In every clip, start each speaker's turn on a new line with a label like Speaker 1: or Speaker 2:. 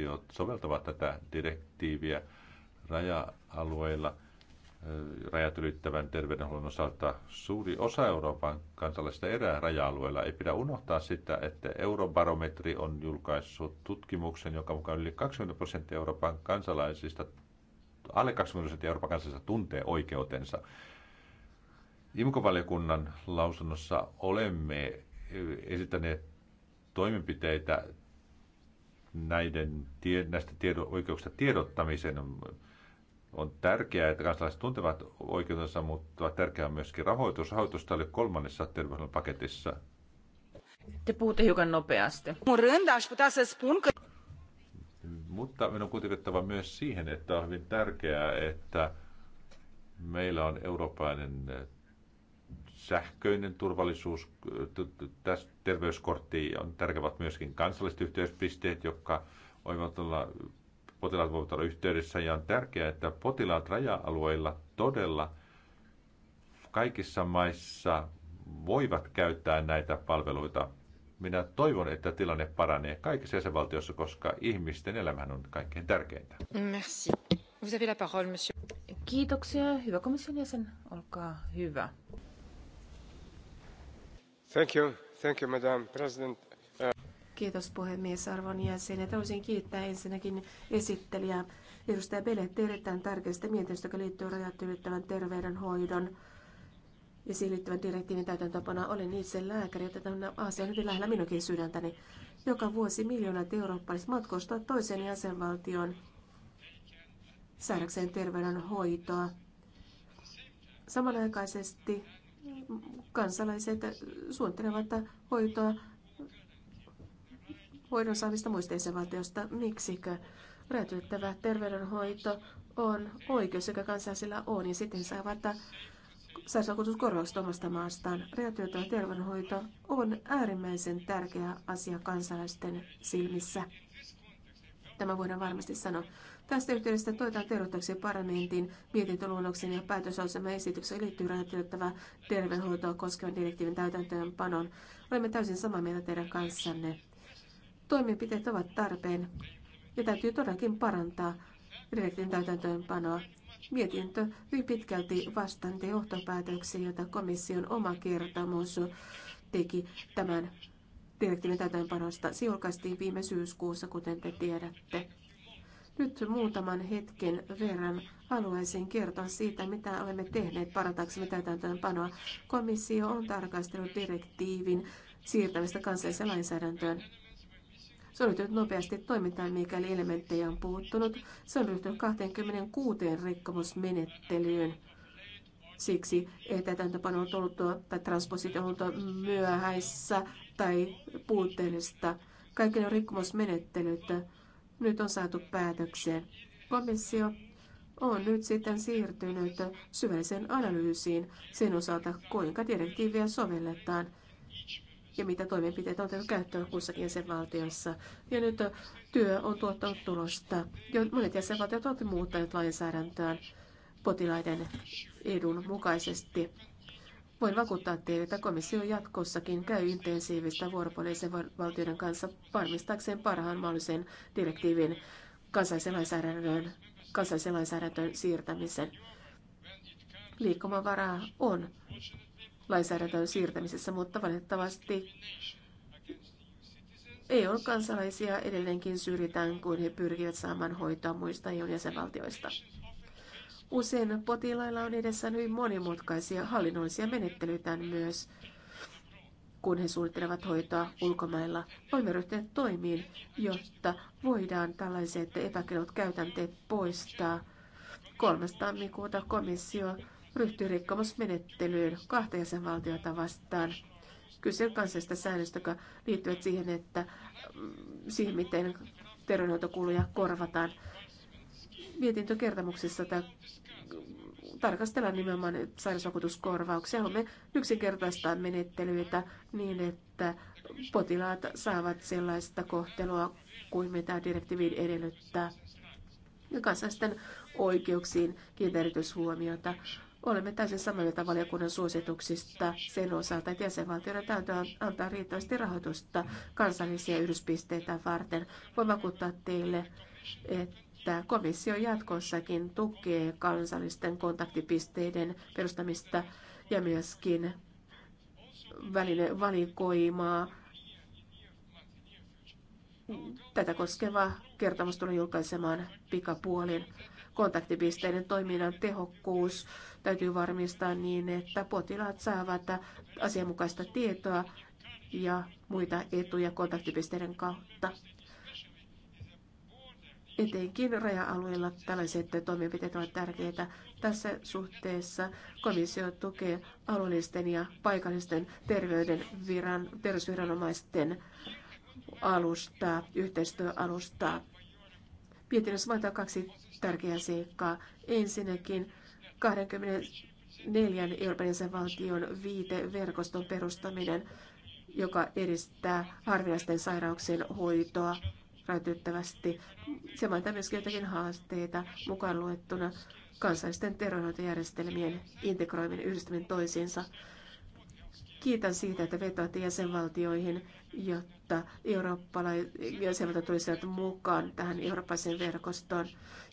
Speaker 1: jäsenvaltiot soveltavat tätä direktiiviä raja-alueilla eh, rajat ylittävän terveydenhuollon osalta. Suuri osa Euroopan kansalaisista erää raja-alueilla. Ei pidä unohtaa sitä, että Eurobarometri on julkaissut tutkimuksen, jonka mukaan yli 20 prosenttia Euroopan kansalaisista, alle 20 prosenttia Euroopan kansalaisista tuntee oikeutensa. Imkovaliokunnan lausunnossa olemme eh, esittäneet toimenpiteitä näiden, näistä tiedo, oikeuksista tiedottamisen. On tärkeää, että kansalaiset tuntevat oikeutensa, mutta tärkeää on myöskin rahoitus. Rahoitusta oli kolmannessa terveydenhuollon paketissa.
Speaker 2: Te puhutte hiukan nopeasti.
Speaker 1: Mutta minun on kuitenkin myös siihen, että on hyvin tärkeää, että meillä on eurooppalainen sähköinen turvallisuus, tässä terveyskortti on tärkeät myöskin kansalliset yhteyspisteet, jotka voivat olla, potilaat voivat olla yhteydessä. Ja on tärkeää, että potilaat raja-alueilla todella kaikissa maissa voivat käyttää näitä palveluita. Minä toivon, että tilanne paranee kaikissa jäsenvaltioissa, koska ihmisten elämähän on kaikkein tärkeintä.
Speaker 3: Merci. Vous avez la parole, monsieur. Kiitoksia.
Speaker 4: Hyvä komission jäsen, olkaa hyvä.
Speaker 5: Thank you. Thank you, Madam President.
Speaker 4: Kiitos puhemies, arvon jäsenet. Haluaisin kiittää ensinnäkin esittelijää edustaja Beletti erittäin tärkeästä mietinnöstä, joka liittyy rajat ylittävän terveydenhoidon ja siihen liittyvän direktiivin täytäntöpana. Olen itse lääkäri, joten tämä asia on hyvin lähellä minunkin sydäntäni. Joka vuosi miljoonat eurooppalaiset matkustavat toiseen jäsenvaltioon saadakseen terveydenhoitoa. Samanaikaisesti kansalaiset suunnittelevat hoitoa hoidon saamista muista jäsenvaltioista. Miksi Räätyyttävä terveydenhoito on oikeus, joka kansalaisilla on, ja sitten saavat sairausvakuutuskorvausta omasta maastaan. Räätyyttävä terveydenhoito on äärimmäisen tärkeä asia kansalaisten silmissä. Tämä voidaan varmasti sanoa. Tästä yhteydestä toitaan tervetulleeksi parlamentin mietintöluonnoksen ja päätösosama esityksen liittyy rajoitettava terveydenhuoltoa koskevan direktiivin täytäntöönpanon. Olemme täysin samaa mieltä teidän kanssanne. Toimenpiteet ovat tarpeen ja täytyy todellakin parantaa direktiivin täytäntöönpanoa. Mietintö hyvin pitkälti vastanti johtopäätöksiä, joita komission oma kertomus teki tämän direktiivin täytäntöönpanosta. Se julkaistiin viime syyskuussa, kuten te tiedätte. Nyt muutaman hetken verran haluaisin kertoa siitä, mitä olemme tehneet parantaaksemme täytäntöönpanoa. Komissio on tarkastellut direktiivin siirtämistä kansalliseen lainsäädäntöön. Se on ryhtynyt nopeasti toimintaan, mikäli elementtejä on puuttunut. Se on ryhtynyt 26 rikkomusmenettelyyn siksi, että täytäntöpano on ollut tai transpositio on ollut myöhäissä tai puutteellista. Kaikki ne rikkomusmenettelyt nyt on saatu päätökseen. Komissio on nyt sitten siirtynyt syvälliseen analyysiin sen osalta, kuinka direktiiviä sovelletaan ja mitä toimenpiteitä on tehty käyttöön kussakin jäsenvaltiossa. Ja nyt työ on tuottanut tulosta. Jo monet jäsenvaltiot ovat muuttaneet lainsäädäntöään potilaiden edun mukaisesti. Voin vakuuttaa teille, että komissio jatkossakin käy intensiivistä vuoropuolisen valtioiden kanssa varmistaakseen parhaan mahdollisen direktiivin kansallisen lainsäädännön, kansallisen lainsäädäntöön siirtämisen. Liikkumavaraa on lainsäädäntöön siirtämisessä, mutta valitettavasti EU-kansalaisia edelleenkin syrjitään, kun he pyrkivät saamaan hoitoa muista EU-jäsenvaltioista. Usein potilailla on edessään hyvin monimutkaisia hallinnollisia menettelyitä myös, kun he suunnittelevat hoitoa ulkomailla. Voimme ryhtyä toimiin, jotta voidaan tällaiset epäkelut käytänteet poistaa. 3. tammikuuta komissio ryhtyy rikkomusmenettelyyn kahta jäsenvaltiota vastaan. Kyse on säännöstä, joka liittyy siihen, että mm, siihen miten terveydenhoitokuluja korvataan mietintökertomuksessa tarkastella nimenomaan sairausvakuutuskorvauksia. Haluamme yksinkertaistaa menettelyitä niin, että potilaat saavat sellaista kohtelua kuin mitä direktiivi edellyttää. Ja kansalaisten oikeuksiin kiinnitys Olemme täysin samaa mieltä valiokunnan suosituksista sen osalta, että jäsenvaltioiden täytyy antaa riittävästi rahoitusta kansallisia yhdyspisteitä varten. Voin vakuuttaa teille, että että komissio jatkossakin tukee kansallisten kontaktipisteiden perustamista ja myöskin välinevalikoimaa. Tätä koskeva kertomus tulee julkaisemaan pikapuolin. Kontaktipisteiden toiminnan tehokkuus täytyy varmistaa niin, että potilaat saavat asianmukaista tietoa ja muita etuja kontaktipisteiden kautta. Etenkin raja-alueilla tällaiset toimenpiteet ovat tärkeitä. Tässä suhteessa komissio tukee alueellisten ja paikallisten terveydenviran, terveysviranomaisten alustaa, yhteistyöalustaa. Mietinnössä mainitaan kaksi tärkeää seikkaa. Ensinnäkin 24 Euroopan jäsenvaltion viiteverkoston perustaminen, joka edistää harvinaisten sairauksien hoitoa rajoitettavasti. Se antaa myös joitakin haasteita mukaan luettuna kansallisten terveydenhoitojärjestelmien integroiminen yhdistäminen toisiinsa. Kiitän siitä, että vetoatte jäsenvaltioihin, jotta jäsenvaltiot tulisivat mukaan tähän eurooppalaiseen verkostoon.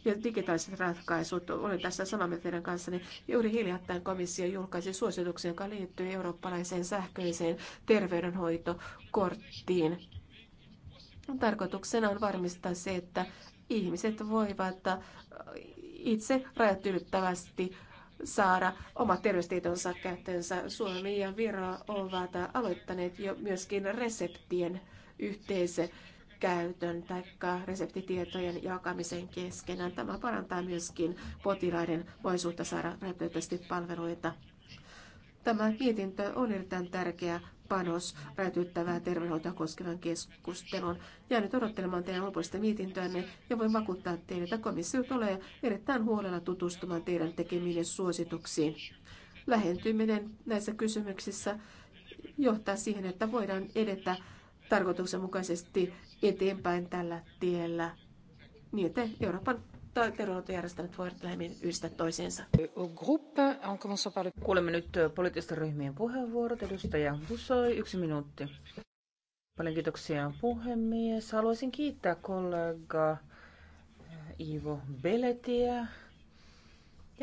Speaker 4: Ja digitaaliset ratkaisut, olen tässä samaa mieltä teidän kanssani. Juuri hiljattain komissio julkaisi suosituksen, joka liittyy eurooppalaiseen sähköiseen terveydenhoitokorttiin. Tarkoituksena on varmistaa se, että ihmiset voivat äh, itse rajat ylittävästi saada omat terveystietonsa käyttöönsä. Suomi ja Viro ovat aloittaneet jo myöskin reseptien yhteisen käytön tai reseptitietojen jakamisen keskenään. Tämä parantaa myöskin potilaiden voisuutta saada räätälöitysti palveluita. Tämä mietintö on erittäin tärkeä panos räätyttävää terveydenhoitoa koskevan keskustelun. Jään nyt odottelemaan teidän lopullista mietintöänne ja voin vakuuttaa teille, että komissio tulee erittäin huolella tutustumaan teidän tekemiin suosituksiin. Lähentyminen näissä kysymyksissä johtaa siihen, että voidaan edetä tarkoituksenmukaisesti eteenpäin tällä tiellä niin, että Euroopan terveydenhuoltojärjestelmät voivat lähemmin yhdistää toisiinsa.
Speaker 2: Kuulemme nyt poliittisten ryhmien puheenvuorot. Edustaja Busoi, yksi minuutti. Paljon kiitoksia puhemies. Haluaisin kiittää kollega Ivo Beletiä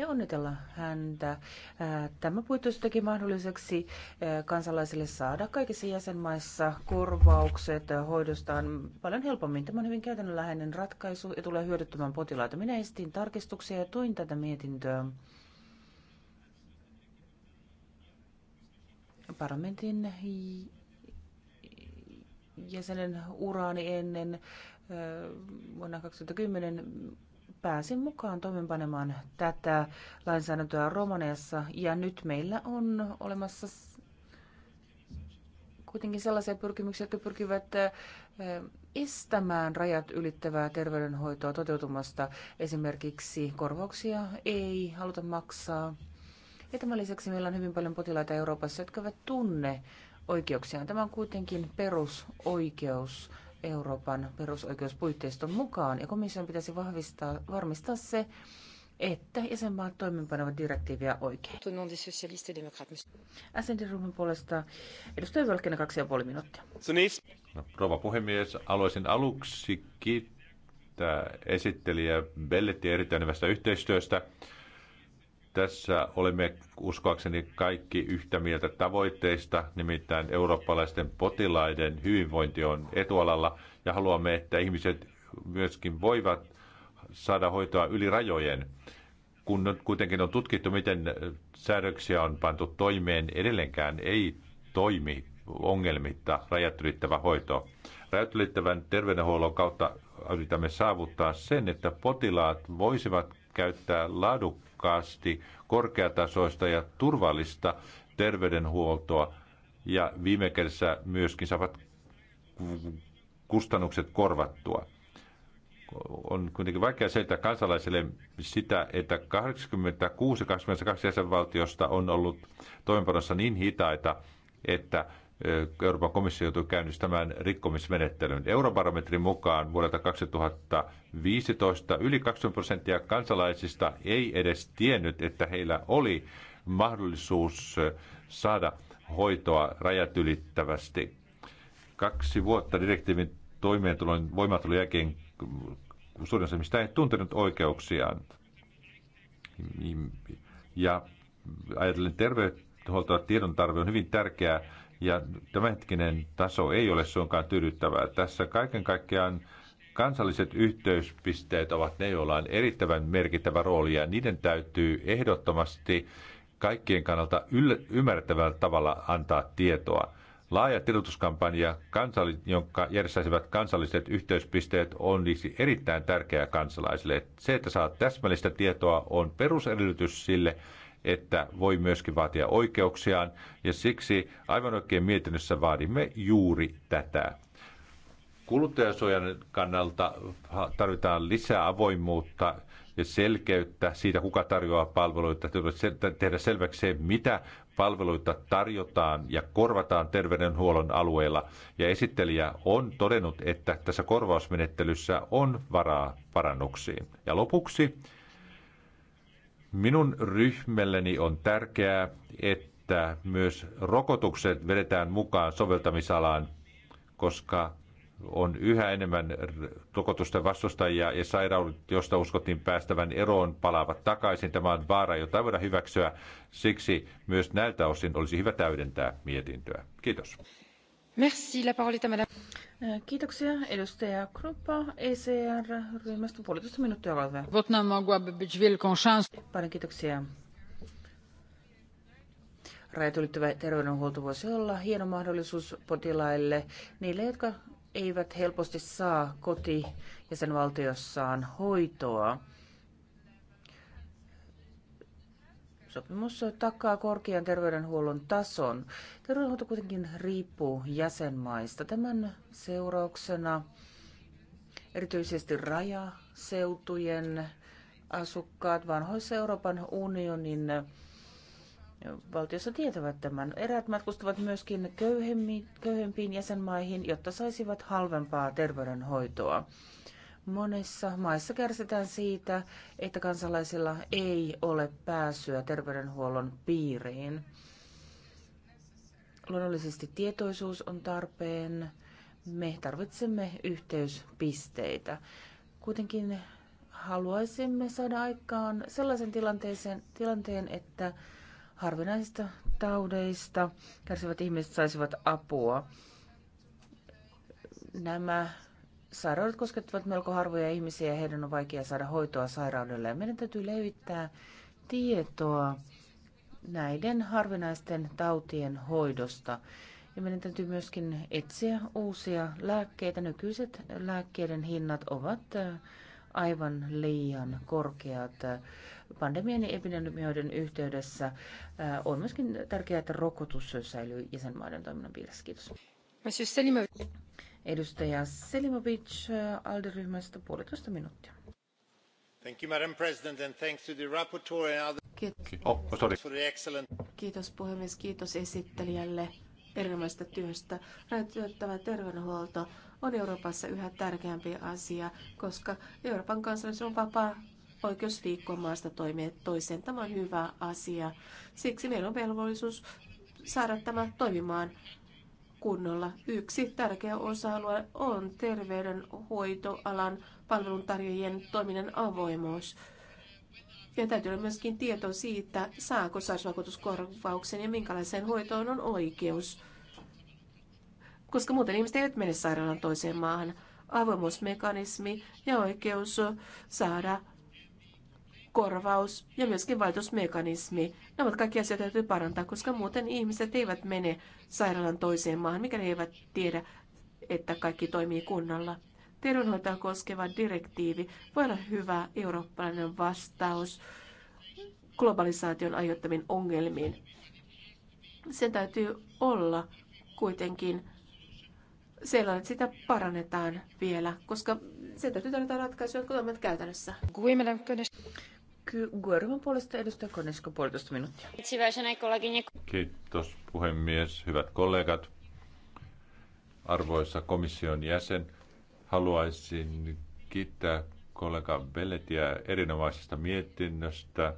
Speaker 2: ja onnitella häntä. Äh, tämä puitteissa teki mahdolliseksi äh, kansalaisille saada kaikissa jäsenmaissa korvaukset äh, hoidostaan paljon helpommin. Tämä on hyvin käytännönläheinen ratkaisu ja tulee hyödyttämään potilaita. Minä estin tarkistuksia ja tuin tätä mietintöä. Parlamentin jäsenen uraani ennen vuonna 2010 pääsin mukaan toimenpanemaan tätä lainsäädäntöä Romaniassa ja nyt meillä on olemassa kuitenkin sellaisia pyrkimyksiä, jotka pyrkivät estämään rajat ylittävää terveydenhoitoa toteutumasta. Esimerkiksi korvauksia ei haluta maksaa. Ja tämän lisäksi meillä on hyvin paljon potilaita Euroopassa, jotka eivät tunne oikeuksiaan. Tämä on kuitenkin perusoikeus Euroopan perusoikeuspuitteiston mukaan, ja komission pitäisi vahvistaa, varmistaa se, että jäsenmaat toimeenpanevat direktiiviä oikein. SND-ryhmän puolesta edustaja Völkkänen kaksi ja puoli minuuttia.
Speaker 1: No, rouva puhemies, haluaisin aluksi kiittää esittelijä Belletti erittäin hyvästä yhteistyöstä. Tässä olemme uskoakseni kaikki yhtä mieltä tavoitteista, nimittäin eurooppalaisten potilaiden hyvinvointi on etualalla ja haluamme, että ihmiset myöskin voivat saada hoitoa yli rajojen. Kun nyt kuitenkin on tutkittu, miten säädöksiä on pantu toimeen, edelleenkään ei toimi ongelmitta rajat ylittävä hoito. Rajat ylittävän terveydenhuollon kautta yritämme saavuttaa sen, että potilaat voisivat käyttää laadukkaita laadukkaasti, korkeatasoista ja turvallista terveydenhuoltoa ja viime kädessä myöskin saavat kustannukset korvattua. On kuitenkin vaikea selittää kansalaisille sitä, että 86-22 jäsenvaltiosta on ollut toimenpanossa niin hitaita, että Euroopan komissio joutui käynnistämään rikkomismenettelyn. Eurobarometrin mukaan vuodelta 2015 yli 20 prosenttia kansalaisista ei edes tiennyt, että heillä oli mahdollisuus saada hoitoa rajat ylittävästi. Kaksi vuotta direktiivin toimeentulon voimaantulon jälkeen suurin osa mistä ei tuntenut oikeuksiaan. Ja ajatellen terveydenhuoltoa tiedon tarve on hyvin tärkeää ja tämänhetkinen taso ei ole suinkaan tyydyttävää. Tässä kaiken kaikkiaan kansalliset yhteyspisteet ovat ne, joilla on erittäin merkittävä rooli ja niiden täytyy ehdottomasti kaikkien kannalta yl- ymmärrettävällä tavalla antaa tietoa. Laaja tiedotuskampanja, kansalli- jonka järjestäisivät kansalliset yhteyspisteet, on niissä erittäin tärkeää kansalaisille. Se, että saa täsmällistä tietoa, on perusedellytys sille, että voi myöskin vaatia oikeuksiaan, ja siksi aivan oikein mietinnössä vaadimme juuri tätä. Kuluttajasuojan kannalta tarvitaan lisää avoimuutta ja selkeyttä siitä, kuka tarjoaa palveluita, tehdä selväksi se, mitä palveluita tarjotaan ja korvataan terveydenhuollon alueella. Ja esittelijä on todennut, että tässä korvausmenettelyssä on varaa parannuksiin. Ja lopuksi Minun ryhmälleni on tärkeää, että myös rokotukset vedetään mukaan soveltamisalaan, koska on yhä enemmän rokotusten vastustajia ja sairaudet, joista uskottiin päästävän eroon, palaavat takaisin. Tämä on vaara, jota ei voida hyväksyä. Siksi myös näiltä osin olisi hyvä täydentää mietintöä. Kiitos.
Speaker 2: Äh, kiitoksia. Edustaja Krupa, ECR-ryhmästä puolitoista minuuttia, olkaa hyvä. Votna mogłaby być wielką szansą. Paljon kiitoksia. Rajat ylittävä terveydenhuolto voisi olla hieno mahdollisuus potilaille, niille, jotka eivät helposti saa koti ja sen valtiossaan hoitoa. Sopimus takaa korkean terveydenhuollon tason. Terveydenhuolto kuitenkin riippuu jäsenmaista. Tämän seurauksena erityisesti rajaseutujen asukkaat vanhoissa Euroopan unionin valtiossa tietävät tämän. Eräät matkustavat myöskin köyhempiin jäsenmaihin, jotta saisivat halvempaa terveydenhoitoa. Monissa maissa kärsitään siitä, että kansalaisilla ei ole pääsyä terveydenhuollon piiriin. Luonnollisesti tietoisuus on tarpeen. Me tarvitsemme yhteyspisteitä. Kuitenkin haluaisimme saada aikaan sellaisen tilanteeseen, tilanteen, että harvinaisista taudeista kärsivät ihmiset saisivat apua. Nämä sairaudet koskettavat melko harvoja ihmisiä ja heidän on vaikea saada hoitoa sairaudelle. Ja meidän täytyy levittää tietoa näiden harvinaisten tautien hoidosta. Ja meidän täytyy myöskin etsiä uusia lääkkeitä. Nykyiset lääkkeiden hinnat ovat äh, aivan liian korkeat. Pandemian ja epidemioiden yhteydessä äh, on myöskin tärkeää, että rokotus säilyy jäsenmaiden toiminnan piirissä. Kiitos. Edustaja Selimovic äh, ALDE-ryhmästä puolitoista
Speaker 4: minuuttia.
Speaker 1: Thank you, Madam President, and thanks to the rapporteur and other... Kiitos. Oh, sorry.
Speaker 4: Kiitos puhemies, kiitos esittelijälle erinomaisesta työstä. Rajoitettava terveydenhuolto on Euroopassa yhä tärkeämpi asia, koska Euroopan kansalaisilla on vapaa oikeus liikkua maasta toimeen toiseen. Tämä on hyvä asia. Siksi meillä on velvollisuus saada tämä toimimaan kunnolla. Yksi tärkeä osa-alue on terveydenhoitoalan palveluntarjoajien toiminnan avoimuus. Ja täytyy olla myöskin tieto siitä, saako sairausvakuutuskorvauksen ja minkälaiseen hoitoon on oikeus. Koska muuten ihmiset eivät mene sairaalan toiseen maahan. Avoimuusmekanismi ja oikeus saada korvaus ja myöskin valitusmekanismi. Ne ovat kaikki asioita täytyy parantaa, koska muuten ihmiset eivät mene sairaalan toiseen maahan, mikäli eivät tiedä, että kaikki toimii kunnolla. Terveydenhoitoa koskeva direktiivi voi olla hyvä eurooppalainen vastaus globalisaation aiheuttamiin ongelmiin. Sen täytyy olla kuitenkin sellainen, että sitä parannetaan vielä, koska sen täytyy tarjota ratkaisuja, jotka toimivat käytännössä. Guerman puolesta edustaja Konesko puolitoista
Speaker 1: minuuttia. Kiitos puhemies, hyvät kollegat. Arvoisa komission jäsen, haluaisin kiittää kollega Belletiä erinomaisesta mietinnöstä.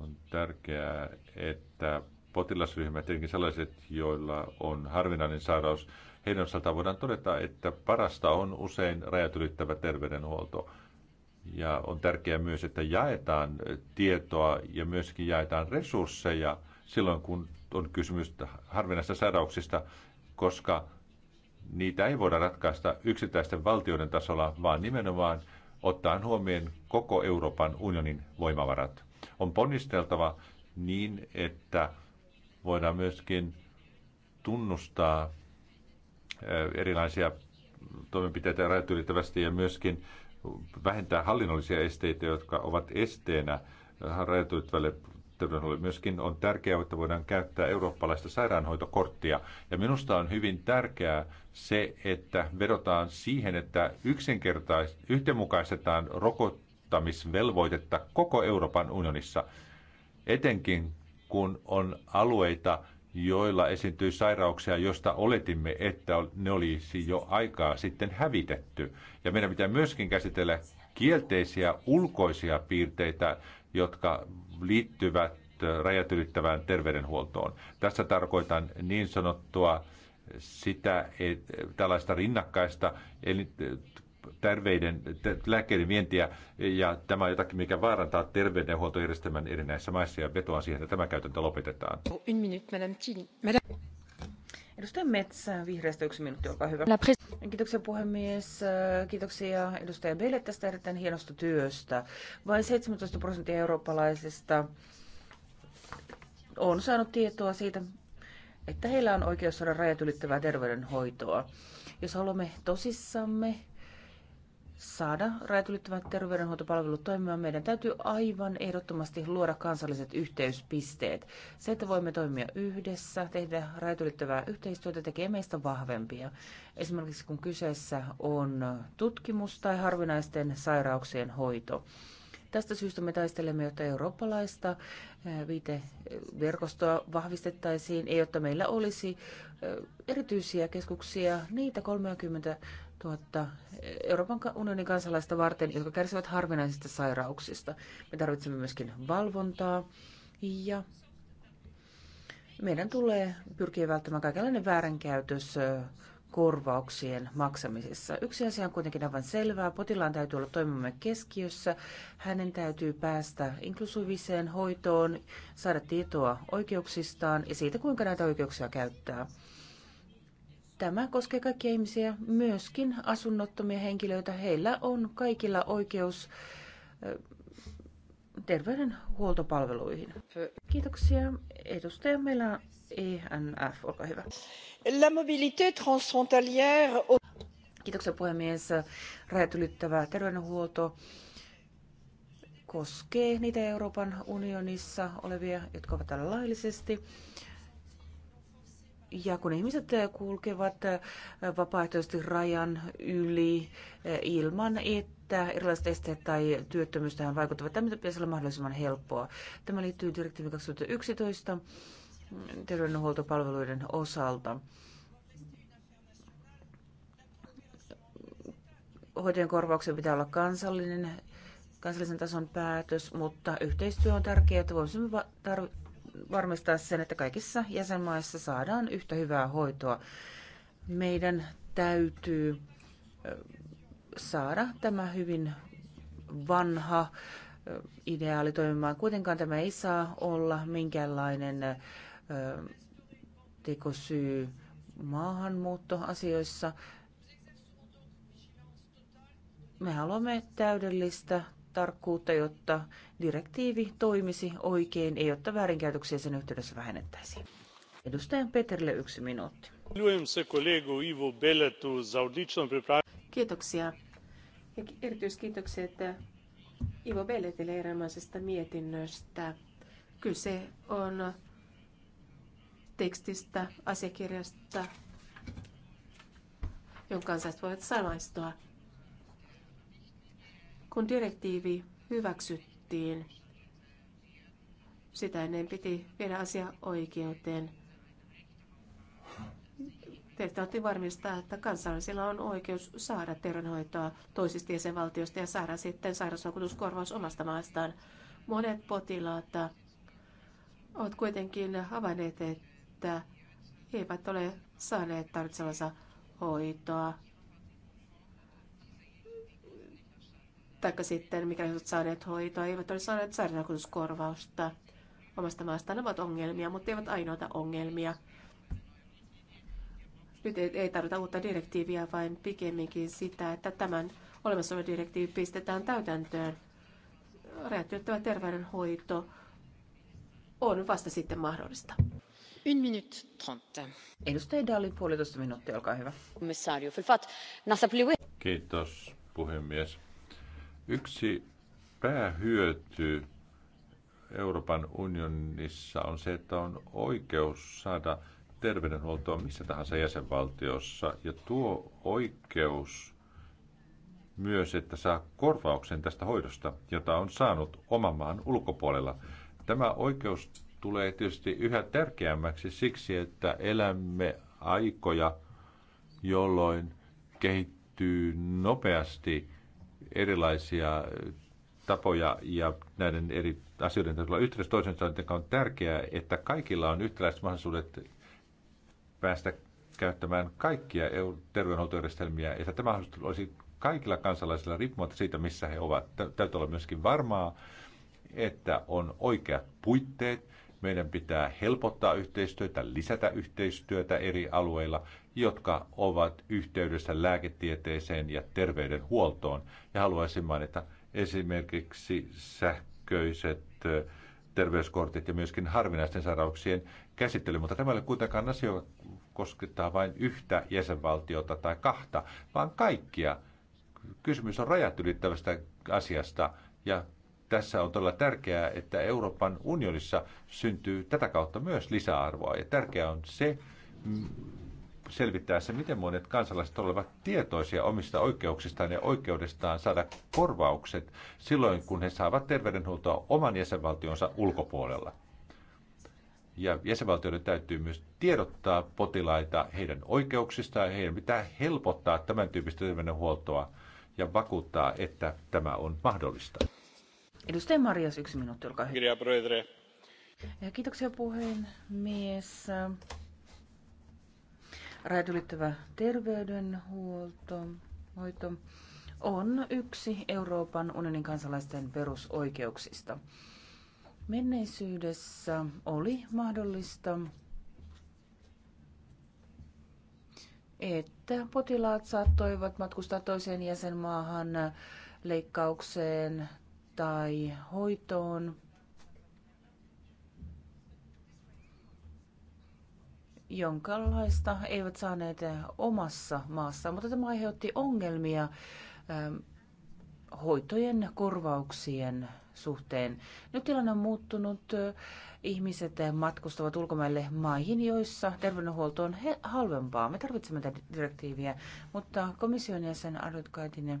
Speaker 1: On tärkeää, että potilasryhmät, tietenkin sellaiset, joilla on harvinainen sairaus, heidän osaltaan voidaan todeta, että parasta on usein rajat ylittävä terveydenhuolto. Ja on tärkeää myös, että jaetaan tietoa ja myöskin jaetaan resursseja silloin, kun on kysymys harvinaisista sairauksista, koska niitä ei voida ratkaista yksittäisten valtioiden tasolla, vaan nimenomaan ottaen huomioon koko Euroopan unionin voimavarat. On ponnisteltava niin, että voidaan myöskin tunnustaa erilaisia toimenpiteitä rajat ylittävästi ja myöskin vähentää hallinnollisia esteitä, jotka ovat esteenä rajatuille terveydenhuollolle. Myöskin on tärkeää, että voidaan käyttää eurooppalaista sairaanhoitokorttia. Ja minusta on hyvin tärkeää se, että vedotaan siihen, että yksinkertais, yhdenmukaistetaan rokottamisvelvoitetta koko Euroopan unionissa, etenkin kun on alueita, joilla esiintyi sairauksia, joista oletimme, että ne olisi jo aikaa sitten hävitetty. Ja meidän pitää myöskin käsitellä kielteisiä ulkoisia piirteitä, jotka liittyvät rajat ylittävään terveydenhuoltoon. Tässä tarkoitan niin sanottua sitä, että tällaista rinnakkaista eli terveiden lääkkeiden vientiä, ja tämä on jotakin, mikä vaarantaa terveydenhuoltojärjestelmän erinäisissä maissa, ja vetoan siihen, että tämä käytäntö lopetetaan.
Speaker 2: Une minute, madame Chini. Edustaja Metsä,
Speaker 1: vihreästä yksi minuutti, olkaa hyvä.
Speaker 2: Kiitoksia puhemies. Kiitoksia edustaja Beille tästä erittäin hienosta työstä. Vain 17 prosenttia eurooppalaisista on saanut tietoa siitä, että heillä on oikeus saada rajat ylittävää terveydenhoitoa. Jos haluamme tosissamme saada räätylittävät terveydenhuoltopalvelut toimimaan, meidän täytyy aivan ehdottomasti luoda kansalliset yhteyspisteet. Se, että voimme toimia yhdessä, tehdä räätylittävää yhteistyötä, tekee meistä vahvempia. Esimerkiksi kun kyseessä on tutkimus tai harvinaisten sairauksien hoito. Tästä syystä me taistelemme, jotta eurooppalaista eh, viiteverkostoa vahvistettaisiin, ei jotta meillä olisi eh, erityisiä keskuksia, niitä 30 tuotta, Euroopan unionin kansalaista varten, jotka kärsivät harvinaisista sairauksista. Me tarvitsemme myöskin valvontaa ja meidän tulee pyrkiä välttämään kaikenlainen väärinkäytös korvauksien maksamisessa. Yksi asia on kuitenkin aivan selvää. Potilaan täytyy olla toimimme keskiössä. Hänen täytyy päästä inklusiiviseen hoitoon, saada tietoa oikeuksistaan ja siitä, kuinka näitä oikeuksia käyttää. Tämä koskee kaikkia ihmisiä, myöskin asunnottomia henkilöitä. Heillä on kaikilla oikeus terveydenhuoltopalveluihin. Kiitoksia. Edustaja, meillä ENF, olkaa hyvä. La mobilité transfrontalière... Kiitoksia puhemies. Rajat ylittävä terveydenhuolto koskee niitä Euroopan unionissa olevia, jotka ovat täällä laillisesti. Ja kun ihmiset eh, kulkevat eh, vapaaehtoisesti rajan yli eh, ilman, että erilaiset esteet tai työttömyys tähän vaikuttavat, tämä pitäisi olla mahdollisimman helppoa. Tämä liittyy direktiivi 2011 terveydenhuoltopalveluiden osalta. Hoitajan korvauksen pitää olla kansallinen, kansallisen tason päätös, mutta yhteistyö on tärkeää, että voisimme varmistaa sen, että kaikissa jäsenmaissa saadaan yhtä hyvää hoitoa. Meidän täytyy saada tämä hyvin vanha ideaali toimimaan. Kuitenkaan tämä ei saa olla minkäänlainen tekosyy maahanmuuttoasioissa. Me haluamme täydellistä tarkkuutta, jotta direktiivi toimisi oikein ja jotta väärinkäytöksiä sen yhteydessä vähennettäisiin. Edustajan Peterille yksi minuutti.
Speaker 4: Kiitoksia. Ja erityiskiitokset eh, Ivo Belletille erämaisesta mietinnöstä. Kyse on tekstistä, asiakirjasta, jonka kansalaiset voivat samaistua – kun direktiivi hyväksyttiin, sitä ennen piti viedä asia oikeuteen. Tehtävätti varmistaa, että kansalaisilla on oikeus saada terveydenhoitoa toisista jäsenvaltioista ja saada sitten sairausvakuutuskorvaus omasta maastaan. Monet potilaat ovat kuitenkin havainneet, että eivät ole saaneet tarvitsevansa hoitoa tai sitten, mikä he saaneet hoitoa, eivät ole saaneet sairaankuljetuskorvausta omasta maastaan. Nämä ovat ongelmia, mutta eivät ainoita ongelmia. Nyt ei, ei tarvita uutta direktiiviä, vaan pikemminkin sitä, että tämän olemassa oleva direktiivi pistetään täytäntöön. Räätyyttävä terveydenhoito on vasta sitten mahdollista. Une minute Tante. Edustaja Dallin puolitoista minuuttia, olkaa hyvä.
Speaker 1: Kiitos puhemies. Yksi päähyöty Euroopan unionissa on se, että on oikeus saada terveydenhuoltoa missä tahansa jäsenvaltiossa. Ja tuo oikeus myös, että saa korvauksen tästä hoidosta, jota on saanut oman maan ulkopuolella. Tämä oikeus tulee tietysti yhä tärkeämmäksi siksi, että elämme aikoja, jolloin kehittyy nopeasti erilaisia äh, tapoja ja näiden eri asioiden täytyy olla yhteydessä toisensa, joten on tärkeää, että kaikilla on yhtäläiset mahdollisuudet päästä käyttämään kaikkia terveydenhuoltojärjestelmiä, että tämä mahdollisuus olisi kaikilla kansalaisilla riippumatta siitä, missä he ovat. Täytyy olla myöskin varmaa, että on oikeat puitteet, meidän pitää helpottaa yhteistyötä, lisätä yhteistyötä eri alueilla, jotka ovat yhteydessä lääketieteeseen ja terveydenhuoltoon. Ja haluaisin mainita esimerkiksi sähköiset terveyskortit ja myöskin harvinaisten sairauksien käsittely, mutta tämä ei ole kuitenkaan asia, joka koskettaa vain yhtä jäsenvaltiota tai kahta, vaan kaikkia. Kysymys on rajat ylittävästä asiasta ja tässä on todella tärkeää, että Euroopan unionissa syntyy tätä kautta myös lisäarvoa. Ja tärkeää on se mm, selvittää se, miten monet kansalaiset olivat tietoisia omista oikeuksistaan ja oikeudestaan saada korvaukset silloin, kun he saavat terveydenhuoltoa oman jäsenvaltionsa ulkopuolella. Ja jäsenvaltioiden täytyy myös tiedottaa potilaita heidän oikeuksistaan. ja Heidän pitää helpottaa tämän tyyppistä terveydenhuoltoa ja vakuuttaa, että tämä on mahdollista.
Speaker 2: Edustaja Marias, yksi minuutti, olkaa
Speaker 1: hyvä.
Speaker 2: Kiitoksia puhemies. Rajat ylittävä terveydenhuolto hoito on yksi Euroopan unionin kansalaisten perusoikeuksista. Menneisyydessä oli mahdollista, että potilaat saattoivat matkustaa toiseen jäsenmaahan leikkaukseen tai hoitoon. jonkinlaista eivät saaneet omassa maassa, mutta tämä aiheutti ongelmia ähm, hoitojen korvauksien suhteen. Nyt tilanne on muuttunut. Ihmiset matkustavat ulkomaille maihin, joissa terveydenhuolto on halvempaa. Me tarvitsemme tätä direktiiviä, mutta komission jäsen Arvid Kaitinen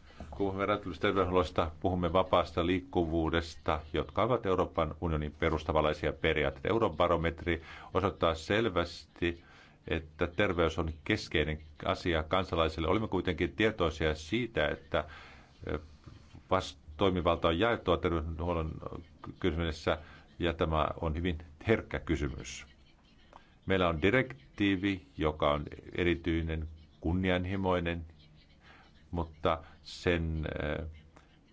Speaker 1: Kun puhumme terveydenhuollosta, puhumme vapaasta liikkuvuudesta, jotka ovat Euroopan unionin perustavalaisia periaatteita. Eurobarometri osoittaa selvästi, että terveys on keskeinen asia kansalaisille. Olimme kuitenkin tietoisia siitä, että toimivalta on jaettua terveydenhuollon kysymyksessä, ja tämä on hyvin herkkä kysymys. Meillä on direktiivi, joka on erityinen, kunnianhimoinen mutta sen eh,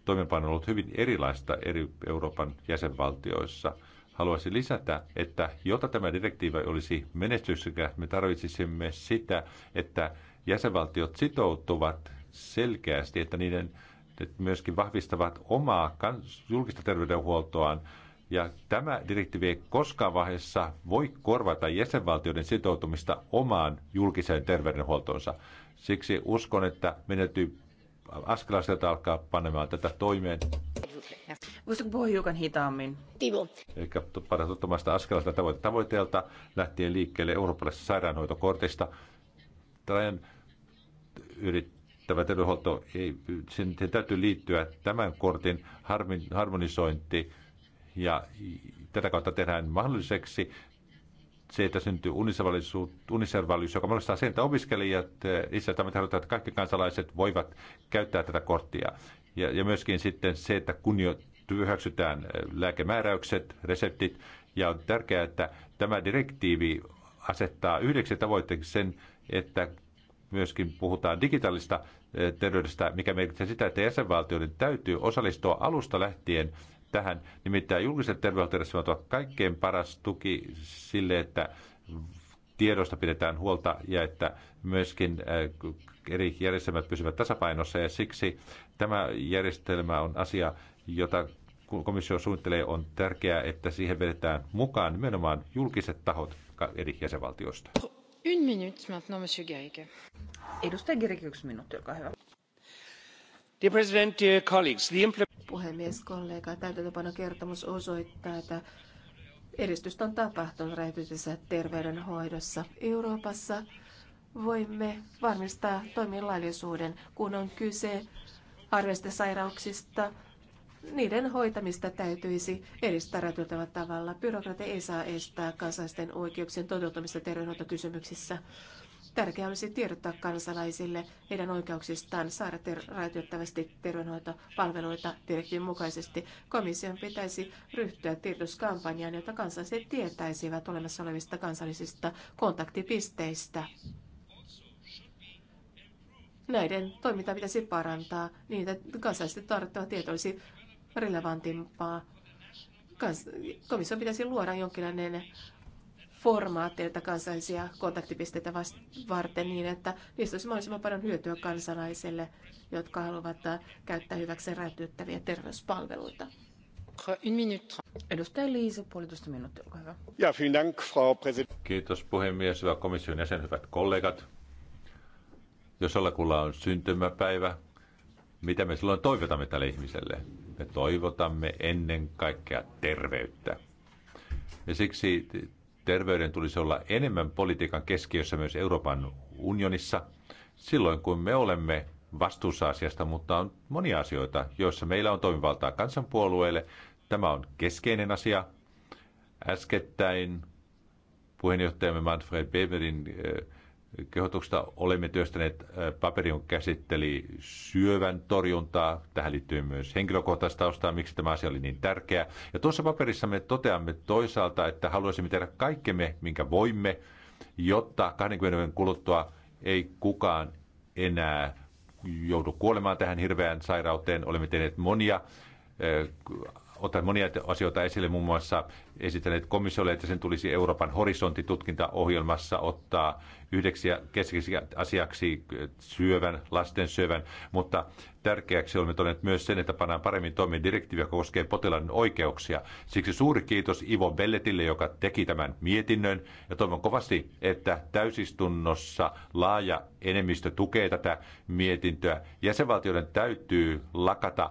Speaker 1: toimenpano on ollut hyvin erilaista eri Euroopan jäsenvaltioissa. Haluaisin lisätä, että jotta tämä direktiivi olisi menestyksekäs, me tarvitsisimme sitä, että jäsenvaltiot sitoutuvat selkeästi, että niiden että myöskin vahvistavat omaa julkista terveydenhuoltoaan. Ja tämä direktiivi ei koskaan vaiheessa voi korvata jäsenvaltioiden sitoutumista omaan julkiseen terveydenhuoltoonsa. Siksi uskon, että meidän täytyy askelasteita alkaa panemaan tätä toimeen.
Speaker 2: Voisitko puhua hiukan hitaammin? Tivo.
Speaker 1: Eli parantumasta askelasta tavoite tavoitelta lähtien liikkeelle eurooppalaisesta sairaanhoitokortista. Tällainen yrittävä terveydenhuolto, ei, sen, sen täytyy liittyä tämän kortin harmonisointi ja tätä kautta tehdään mahdolliseksi se, että syntyy uniservallisuus, joka mahdollistaa sen, että opiskelijat, eh, itse asiassa että kaikki kansalaiset voivat käyttää tätä korttia. Ja, ja myöskin sitten se, että kun jo hyväksytään eh, lääkemääräykset, reseptit, ja on tärkeää, että tämä direktiivi asettaa yhdeksi tavoitteeksi sen, että myöskin puhutaan digitaalista eh, terveydestä, mikä merkitsee sitä, että jäsenvaltioiden täytyy osallistua alusta lähtien tähän. Nimittäin julkiset terveysjärjestelmät ovat kaikkein paras tuki sille, että tiedosta pidetään huolta ja että myöskin äh, eri järjestelmät pysyvät tasapainossa. Ja siksi tämä järjestelmä on asia, jota komissio suunnittelee, on tärkeää, että siihen vedetään mukaan nimenomaan julkiset tahot eri jäsenvaltioista.
Speaker 4: Une minute maintenant, monsieur Gerike. Edustaja Gerike, yksi minuutti, olkaa hyvä. Dear President, dear colleagues, the implement- puhemies, kollega. kertomus osoittaa, että edistystä on tapahtunut räjähtysessä terveydenhoidossa. Euroopassa voimme varmistaa toimien laillisuuden, kun on kyse arvestesairauksista. Niiden hoitamista täytyisi edistää rätytävällä tavalla. Byrokratia ei saa estää kansalaisten oikeuksien toteutumista terveydenhoitokysymyksissä. Tärkeää olisi tiedottaa kansalaisille heidän oikeuksistaan saada ter- rajoitettavasti terveydenhoitopalveluita direktiivin mukaisesti. Komission pitäisi ryhtyä tiedotuskampanjaan, jotta kansalaiset tietäisivät olemassa olevista kansallisista kontaktipisteistä. Näiden toimintaa pitäisi parantaa niin, että kansalaiset tarvittava tieto olisi relevantimpaa. Kans- komission pitäisi luoda jonkinlainen formaatteilta kansallisia kontaktipisteitä varten niin, että niistä olisi mahdollisimman paljon hyötyä kansalaisille, jotka haluavat äh, käyttää hyväksi räätyyttäviä terveyspalveluita. Edustaja Liisa, puolitoista minuuttia, olkaa hyvä.
Speaker 1: Ja, dank, Frau Kiitos puhemies, hyvä komission jäsen, hyvät kollegat. Jos allakulla on syntymäpäivä, mitä me silloin toivotamme tälle ihmiselle? Me toivotamme ennen kaikkea terveyttä. Ja siksi terveyden tulisi olla enemmän politiikan keskiössä myös Euroopan unionissa silloin, kun me olemme vastuussa asiasta, mutta on monia asioita, joissa meillä on toimivaltaa kansanpuolueelle. Tämä on keskeinen asia. Äskettäin puheenjohtajamme Manfred Beberin äh, eh, kehotuksesta olemme työstäneet äh, paperi, jonka käsitteli syövän torjuntaa. Tähän liittyy myös henkilökohtaista taustaa, miksi tämä asia oli niin tärkeä. Ja tuossa paperissa me toteamme toisaalta, että haluaisimme tehdä kaikkemme, minkä voimme, jotta 20 vuoden kuluttua ei kukaan enää joudu kuolemaan tähän hirveään sairauteen. Olemme tehneet monia äh, otan monia asioita esille, muun muassa esitelleet komissiolle, että sen tulisi Euroopan horisontitutkintaohjelmassa ottaa yhdeksi keskeiseksi asiaksi eh, syövän, lasten syövän, mutta tärkeäksi olemme todenneet myös sen, että pannaan paremmin toimeen direktiivi, joka koskee potilaiden oikeuksia. Siksi suuri kiitos Ivo Belletille, joka teki tämän mietinnön, ja toivon kovasti, että täysistunnossa laaja enemmistö tukee tätä mietintöä. Jäsenvaltioiden täytyy lakata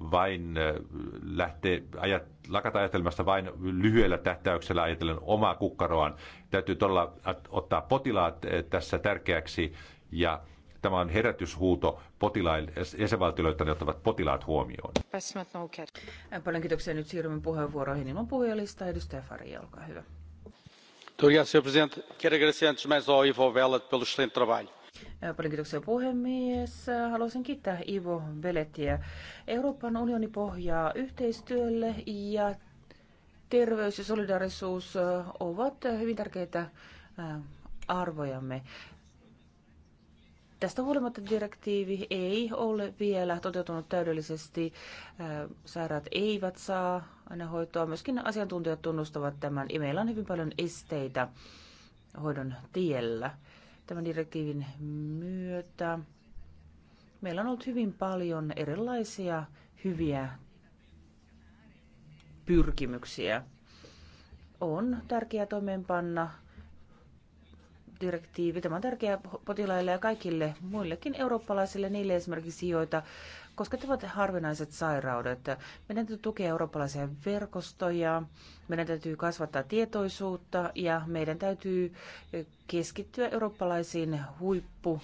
Speaker 1: vain äh, lähtee, ajat, lakata ajatelmasta vain lyhyellä tähtäyksellä ajatellen omaa kukkaroaan. Täytyy todella ottaa potilaat äh, tässä tärkeäksi ja tämä on herätyshuuto potilaille, jäsenvaltioille, ne ottavat potilaat huomioon.
Speaker 2: Äh, paljon kiitoksia. Nyt siirrymme puheenvuoroihin ilman puhujalista. Edustaja Fari, olkaa hyvä.
Speaker 5: Obrigado, Sr. Presidente. Quero agradecer antes mais ao Ivo Vela pelo excelente trabalho.
Speaker 2: Paljon kiitoksia puhemies. Haluaisin kiittää Ivo Beletiä. Euroopan unionin pohjaa yhteistyölle ja terveys ja solidarisuus ovat hyvin tärkeitä arvojamme. Tästä huolimatta direktiivi ei ole vielä toteutunut täydellisesti. Sairaat eivät saa aina hoitoa. Myöskin asiantuntijat tunnustavat tämän. Meillä on hyvin paljon esteitä hoidon tiellä tämän direktiivin myötä meillä on ollut hyvin paljon erilaisia hyviä pyrkimyksiä. On tärkeää toimeenpanna direktiivi. Tämä on tärkeää potilaille ja kaikille muillekin eurooppalaisille, niille esimerkiksi, joita koskettavat harvinaiset sairaudet. Meidän täytyy tukea eurooppalaisia verkostoja, meidän täytyy kasvattaa tietoisuutta ja meidän täytyy keskittyä eurooppalaisiin huippu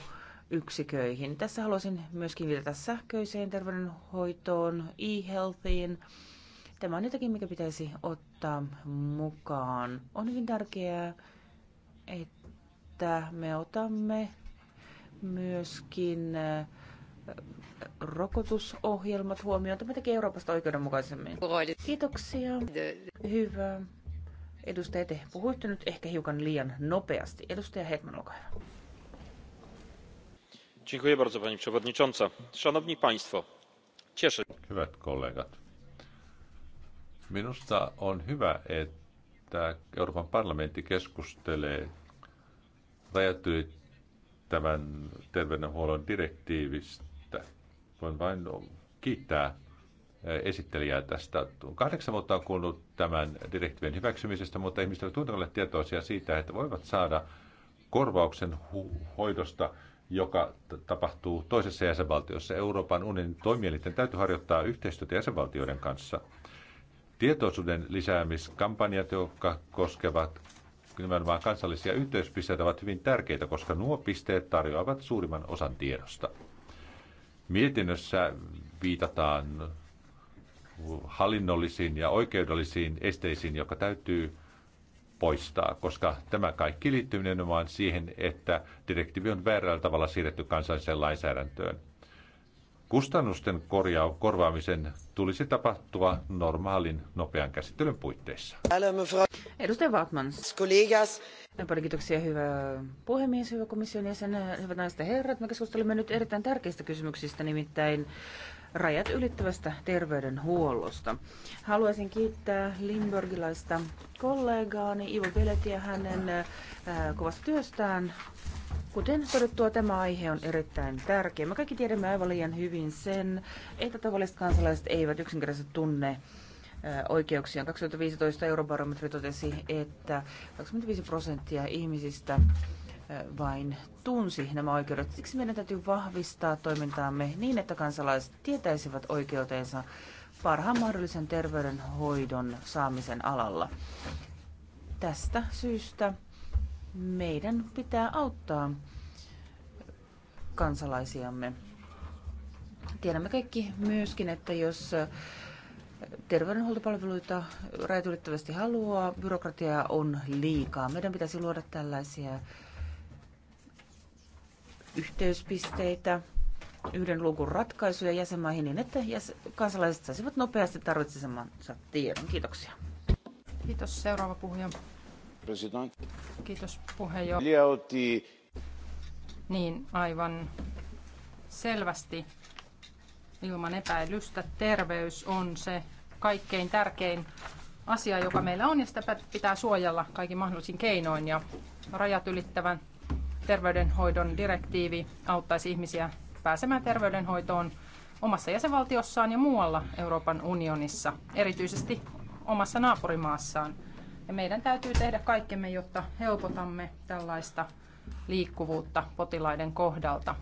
Speaker 2: yksiköihin. Tässä haluaisin myöskin viitata sähköiseen terveydenhoitoon, e-healthiin. Tämä on jotakin, mikä pitäisi ottaa mukaan. On hyvin tärkeää, että me otamme myöskin rokotusohjelmat huomioon. Tämä tekee Euroopasta oikeudenmukaisemmin. Kiitoksia. Hyvä. Edustaja, te puhuitte nyt ehkä hiukan liian nopeasti. Edustaja Hetman, olkaa hyvä.
Speaker 5: Dziękuję bardzo, pani przewodnicząca. Szanowni państwo, cieszę.
Speaker 1: Hyvät kollegat, minusta on hyvä, että Euroopan parlamentti keskustelee rajat tämän terveydenhuollon direktiivistä Voin vain kiittää eh, esittelijää tästä. Kahdeksan vuotta on kuulunut tämän direktiivin hyväksymisestä, mutta ihmiset ovat tuntevalle tietoisia siitä, että voivat saada korvauksen hoidosta, joka tapahtuu toisessa jäsenvaltiossa. Euroopan unionin toimielinten täytyy harjoittaa yhteistyötä jäsenvaltioiden kanssa. Tietoisuuden lisäämiskampanjat, jotka koskevat nimenomaan kansallisia yhteyspisteitä, ovat hyvin tärkeitä, koska nuo pisteet tarjoavat suurimman osan tiedosta. Mietinnössä viitataan hallinnollisiin ja oikeudellisiin esteisiin, jotka täytyy poistaa, koska tämä kaikki liittyy nimenomaan siihen, että direktiivi on väärällä tavalla siirretty kansalliseen lainsäädäntöön. Kustannusten korja- korvaamisen tulisi tapahtua normaalin nopean käsittelyn puitteissa.
Speaker 2: Edustaja Vatman. Kollegas. No, paljon kiitoksia, hyvä puhemies, hyvä komission jäsen, hyvät naiset ja herrat. Me keskustelimme nyt erittäin tärkeistä kysymyksistä, nimittäin rajat ylittävästä terveydenhuollosta. Haluaisin kiittää limburgilaista kollegaani Ivo Veletiä hänen äh, kovasta työstään Kuten todettua, tämä aihe on erittäin tärkeä. Me kaikki tiedämme aivan liian hyvin sen, että tavalliset kansalaiset eivät yksinkertaisesti tunne oikeuksia. 2015 eurobarometri totesi, että 25 prosenttia ihmisistä vain tunsi nämä oikeudet. Siksi meidän täytyy vahvistaa toimintaamme niin, että kansalaiset tietäisivät oikeutensa parhaan mahdollisen terveydenhoidon saamisen alalla. Tästä syystä meidän pitää auttaa kansalaisiamme. Tiedämme kaikki myöskin, että jos terveydenhuoltopalveluita rajat haluaa, byrokratiaa on liikaa. Meidän pitäisi luoda tällaisia yhteyspisteitä, yhden luukun ratkaisuja jäsenmaihin niin, että kansalaiset saisivat nopeasti tarvitsemansa tiedon. Kiitoksia. Kiitos. Seuraava puhuja.
Speaker 4: President.
Speaker 3: Kiitos
Speaker 2: puheenjohtaja.
Speaker 3: Niin, aivan selvästi ilman epäilystä terveys on se kaikkein tärkein asia, joka meillä on ja sitä pitää suojella kaikin mahdollisin keinoin ja rajat ylittävän terveydenhoidon direktiivi auttaisi ihmisiä pääsemään terveydenhoitoon omassa jäsenvaltiossaan ja muualla Euroopan unionissa, erityisesti omassa naapurimaassaan. Ja meidän täytyy tehdä kaikkemme, jotta helpotamme tällaista liikkuvuutta potilaiden kohdalta.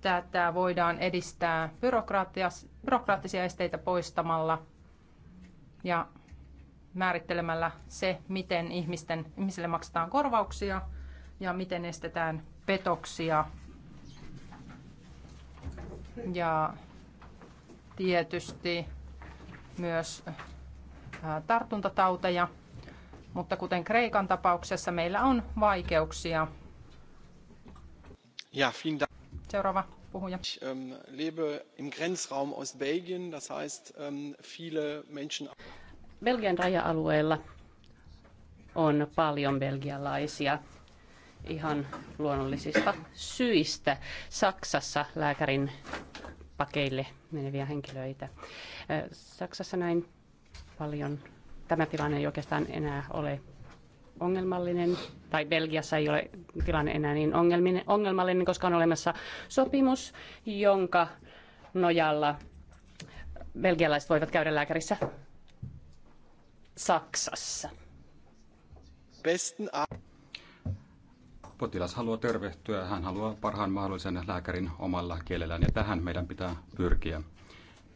Speaker 3: Tätä voidaan edistää byrokraattisia esteitä poistamalla ja määrittelemällä se, miten ihmisten, ihmisille maksetaan korvauksia ja miten estetään petoksia. Ja tietysti myös äh, tartuntatauteja, mutta kuten Kreikan tapauksessa meillä on vaikeuksia. Ja, vielen Seuraava puhuja.
Speaker 5: Ich ähm, lebe im Grenzraum aus Belgien, das
Speaker 3: heißt ähm, viele Menschen.
Speaker 6: Belgian raja-alueella on paljon belgialaisia ihan luonnollisista syistä. Saksassa lääkärin pakeille meneviä henkilöitä. Saksassa näin paljon tämä tilanne ei oikeastaan enää ole ongelmallinen, tai Belgiassa ei ole tilanne enää niin ongelmallinen, koska on olemassa sopimus, jonka nojalla belgialaiset voivat käydä lääkärissä Saksassa.
Speaker 5: Besten potilas haluaa tervehtyä, hän haluaa parhaan mahdollisen lääkärin omalla kielellään ja tähän meidän pitää pyrkiä.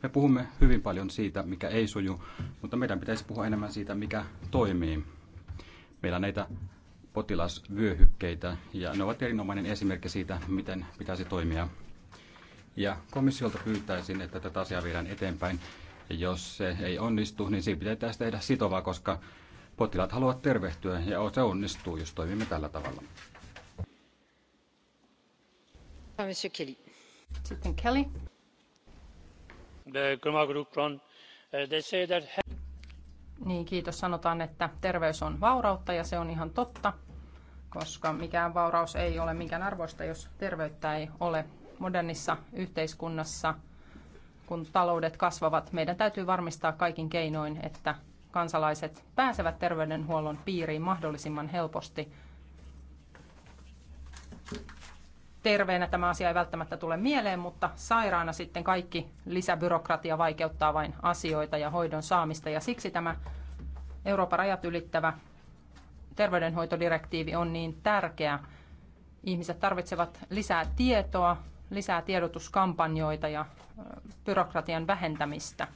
Speaker 5: Me puhumme hyvin paljon siitä, mikä ei suju, mutta meidän pitäisi puhua enemmän siitä, mikä toimii. Meillä on näitä potilasvyöhykkeitä ja ne ovat erinomainen esimerkki siitä, miten pitäisi toimia. Ja komissiolta pyytäisin, että tätä asiaa viedään eteenpäin. Ja jos se ei onnistu, niin pitää pitäisi tehdä sitovaa, koska potilaat haluavat tervehtyä ja se onnistuu, jos toimimme tällä tavalla.
Speaker 3: Kelly.
Speaker 7: Uh,
Speaker 3: niin, kiitos. Sanotaan, että terveys on vaurautta ja se on ihan totta, koska mikään vauraus ei ole minkään arvoista, jos terveyttä ei ole modernissa yhteiskunnassa. Kun taloudet kasvavat, meidän täytyy varmistaa kaikin keinoin, että kansalaiset pääsevät terveydenhuollon piiriin mahdollisimman helposti terveenä tämä asia ei välttämättä tule mieleen, mutta sairaana sitten kaikki lisäbyrokratia vaikeuttaa vain asioita ja hoidon saamista. Ja siksi tämä Euroopan rajat ylittävä terveydenhoitodirektiivi on niin tärkeä. Ihmiset tarvitsevat lisää tietoa, lisää tiedotuskampanjoita ja byrokratian vähentämistä.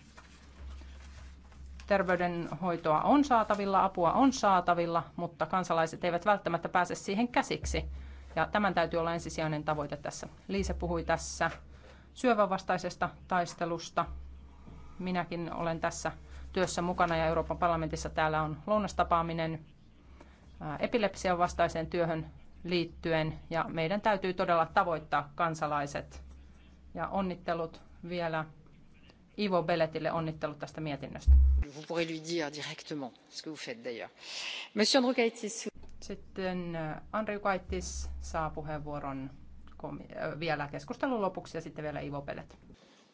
Speaker 3: Terveydenhoitoa on saatavilla, apua on saatavilla, mutta kansalaiset eivät välttämättä pääse siihen käsiksi ja tämän täytyy olla ensisijainen tavoite tässä. Liisa puhui tässä syövänvastaisesta taistelusta. Minäkin olen tässä työssä mukana ja Euroopan parlamentissa täällä on lounastapaaminen epilepsian vastaiseen työhön liittyen ja meidän täytyy todella tavoittaa kansalaiset. Ja onnittelut vielä Ivo Belletille onnittelut tästä mietinnöstä. Vous pourrez lui dire directement ce que vous faites d'ailleurs. Monsieur Androukaitis, sitten äh, Andri Kaittis saa puheenvuoron äh, vielä keskustelun lopuksi ja sitten vielä Ivo Pelet.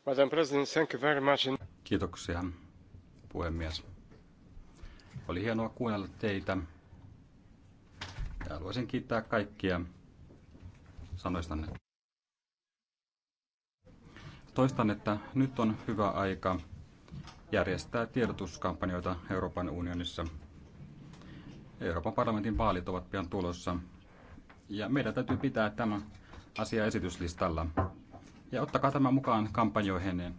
Speaker 5: Madam President, thank you very much. Kiitoksia, puhemies. Oli hienoa kuunnella teitä. Ja haluaisin kiittää kaikkia sanoistanne. Toistan, että nyt on hyvä aika järjestää tiedotuskampanjoita Euroopan unionissa – Euroopan parlamentin vaalit ovat pian tulossa. Ja meidän täytyy pitää tämä asia esityslistalla. Ja ottakaa tämä mukaan kampanjoihin.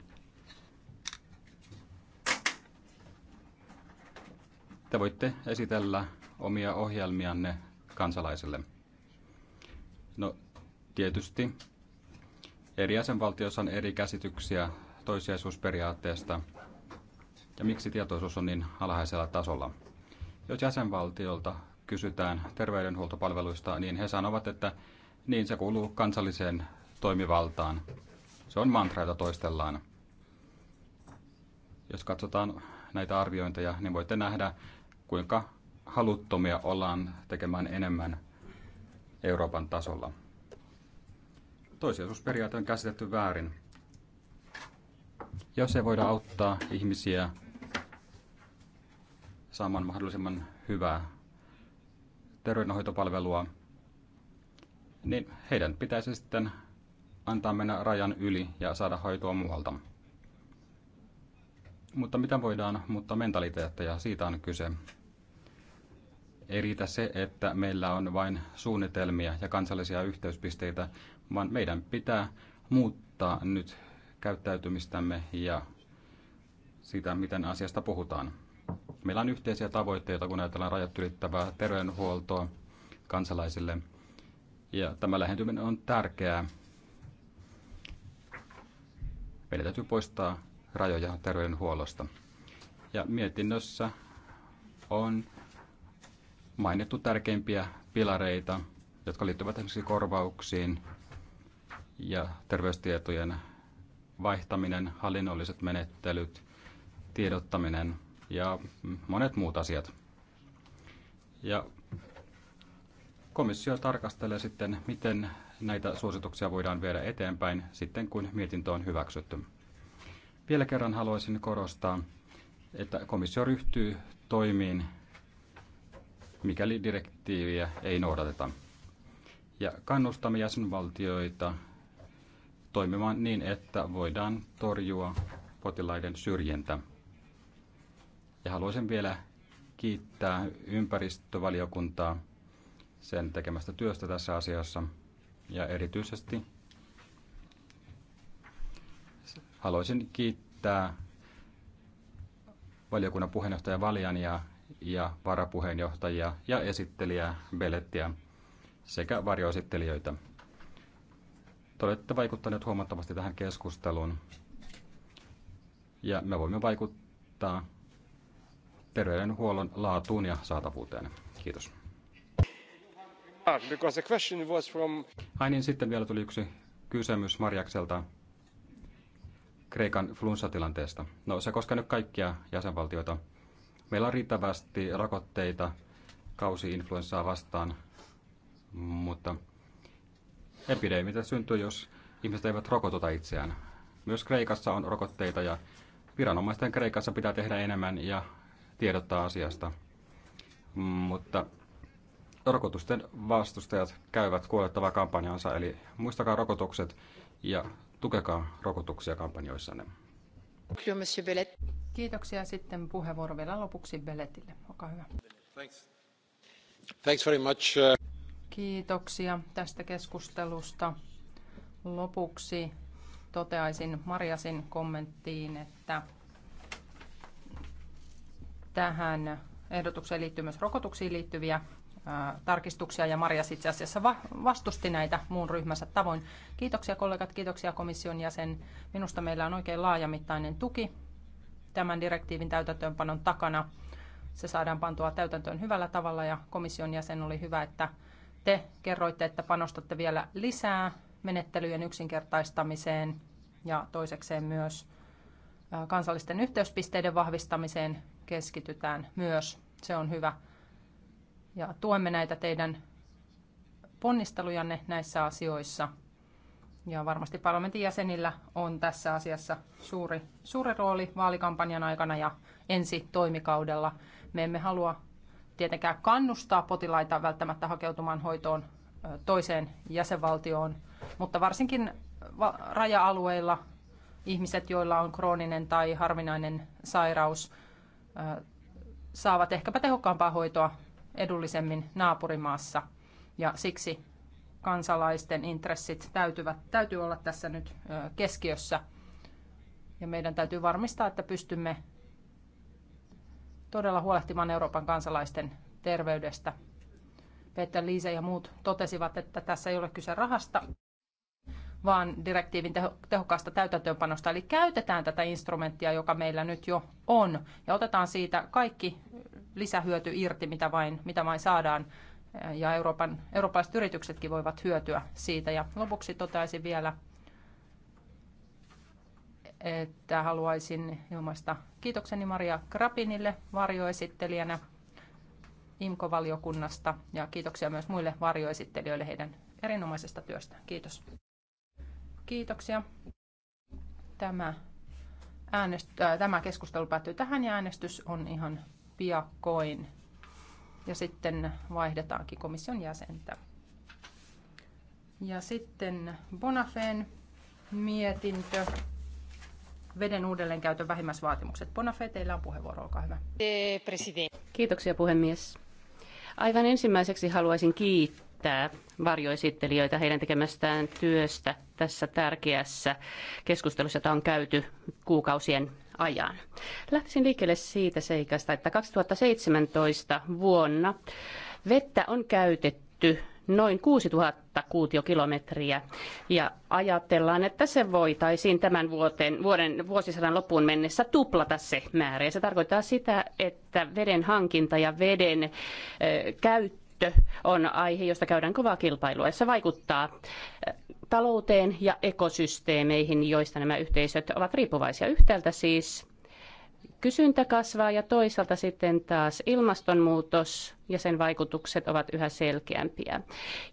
Speaker 5: Te voitte esitellä omia ohjelmianne kansalaisille. No tietysti eri jäsenvaltioissa on eri käsityksiä toisiaisuusperiaatteesta ja miksi tietoisuus on niin alhaisella tasolla. Jos jäsenvaltiolta kysytään terveydenhuoltopalveluista, niin he sanovat, että niin se kuuluu kansalliseen toimivaltaan. Se on mantra, jota toistellaan. Jos katsotaan näitä arviointeja, niin voitte nähdä, kuinka haluttomia ollaan tekemään enemmän Euroopan tasolla. Toisiosuusperiaate on käsitetty väärin. Jos ei voida auttaa ihmisiä saamaan mahdollisimman hyvää terveydenhoitopalvelua, niin heidän pitäisi sitten antaa mennä rajan yli ja saada hoitoa muualta. Mutta mitä voidaan muuttaa mentaliteetteja, siitä on kyse. Ei riitä se, että meillä on vain suunnitelmia ja kansallisia yhteyspisteitä, vaan meidän pitää muuttaa nyt käyttäytymistämme ja sitä, miten asiasta puhutaan. Meillä on yhteisiä tavoitteita, kun ajatellaan rajat ylittävää terveydenhuoltoa kansalaisille. Ja tämä lähentyminen on tärkeää. Meidän täytyy poistaa rajoja terveydenhuollosta. Ja mietinnössä on mainittu tärkeimpiä pilareita, jotka liittyvät esimerkiksi korvauksiin ja terveystietojen vaihtaminen, hallinnolliset menettelyt, tiedottaminen ja monet muut asiat. Ja komissio tarkastelee sitten, miten näitä suosituksia voidaan viedä eteenpäin sitten, kun mietintö on hyväksytty. Vielä kerran haluaisin korostaa, että komissio ryhtyy toimiin, mikäli direktiiviä ei noudateta. Ja kannustamme jäsenvaltioita toimimaan niin, että voidaan torjua potilaiden syrjintä. Ja haluaisin vielä kiittää ympäristövaliokuntaa sen tekemästä työstä tässä asiassa ja erityisesti haluaisin kiittää valiokunnan puheenjohtaja ja, ja varapuheenjohtajia ja esittelijää Belettiä sekä varjoesittelijöitä. Te olette vaikuttaneet huomattavasti tähän keskusteluun ja me voimme vaikuttaa terveydenhuollon laatuun ja saatavuuteen. Kiitos. Ah, because the question was from... Ai niin, sitten vielä tuli yksi kysymys Marjakselta Kreikan flunssatilanteesta. No se koskee nyt kaikkia jäsenvaltioita. Meillä on riittävästi rokotteita kausi-influenssaa vastaan, mutta epidemia syntyy, jos ihmiset eivät rokotuta itseään. Myös Kreikassa on rokotteita ja viranomaisten Kreikassa pitää tehdä enemmän ja tiedottaa asiasta. Mutta rokotusten vastustajat käyvät kuolettavaa kampanjansa, eli muistakaa rokotukset ja tukekaa rokotuksia kampanjoissanne.
Speaker 3: Kiitoksia. Sitten puheenvuoro vielä lopuksi Belletille. Olkaa hyvä.
Speaker 6: Thanks.
Speaker 1: Thanks very much. Uh,
Speaker 3: Kiitoksia tästä keskustelusta. Lopuksi toteaisin Marjasin kommenttiin, että Tähän ehdotukseen liittyy myös rokotuksiin liittyviä tarkistuksia ja Marjas itse asiassa va- vastusti näitä muun ryhmänsä tavoin. Kiitoksia kollegat, kiitoksia komission jäsen. Minusta meillä on oikein laajamittainen tuki tämän direktiivin täytäntöönpanon takana. Se saadaan pantua täytäntöön hyvällä tavalla ja komission jäsen oli hyvä, että te kerroitte, että panostatte vielä lisää menettelyjen yksinkertaistamiseen ja toisekseen myös kansallisten yhteyspisteiden vahvistamiseen keskitytään myös. Se on hyvä. Ja tuemme näitä teidän ponnistelujanne näissä asioissa. Ja varmasti parlamentin jäsenillä on tässä asiassa suuri, suuri rooli vaalikampanjan aikana ja ensi toimikaudella. Me emme halua tietenkään kannustaa potilaita välttämättä hakeutumaan hoitoon toiseen jäsenvaltioon, mutta varsinkin raja-alueilla ihmiset, joilla on krooninen tai harvinainen sairaus, saavat ehkäpä tehokkaampaa hoitoa edullisemmin naapurimaassa. Ja siksi kansalaisten intressit täytyvät, täytyy olla tässä nyt keskiössä. Ja meidän täytyy varmistaa, että pystymme todella huolehtimaan Euroopan kansalaisten terveydestä. Peter Liise ja muut totesivat, että tässä ei ole kyse rahasta, vaan direktiivin teho, tehokasta täytäntöönpanosta. Eli käytetään tätä instrumenttia, joka meillä nyt jo on, ja otetaan siitä kaikki lisähyöty irti, mitä vain, mitä vain saadaan. Ja Euroopan, eurooppalaiset yrityksetkin voivat hyötyä siitä. Ja lopuksi toteaisin vielä, että haluaisin ilmaista kiitokseni Maria Krapinille varjoesittelijänä IMKO-valiokunnasta ja kiitoksia myös muille varjoesittelijöille heidän erinomaisesta työstä. Kiitos. Kiitoksia. Tämä, äänest- äh, tämä keskustelu päättyy tähän ja äänestys on ihan piakkoin. Ja sitten vaihdetaankin komission jäsentä. Ja sitten Bonafeen mietintö. Veden uudelleenkäytön vähimmäisvaatimukset. Bonafé, teillä on puheenvuoro, olkaa hyvä.
Speaker 6: Eh, Kiitoksia puhemies. Aivan ensimmäiseksi haluaisin kiittää kiittää varjoesittelijöitä heidän tekemästään työstä tässä tärkeässä keskustelussa, jota on käyty kuukausien ajan. Lähtisin liikkeelle siitä seikasta, että 2017 vuonna vettä on käytetty noin 6000 kuutiokilometriä ja ajatellaan, että se voitaisiin tämän vuoden, vuoden vuosisadan loppuun mennessä tuplata se määrä. Ja se tarkoittaa sitä, että veden hankinta ja veden ö, käyttö ympäristö on aihe, josta käydään kovaa kilpailua. Se vaikuttaa talouteen ja ekosysteemeihin, joista nämä yhteisöt ovat riippuvaisia. Yhtäältä siis kysyntä kasvaa ja toisaalta sitten taas ilmastonmuutos ja sen vaikutukset ovat yhä selkeämpiä.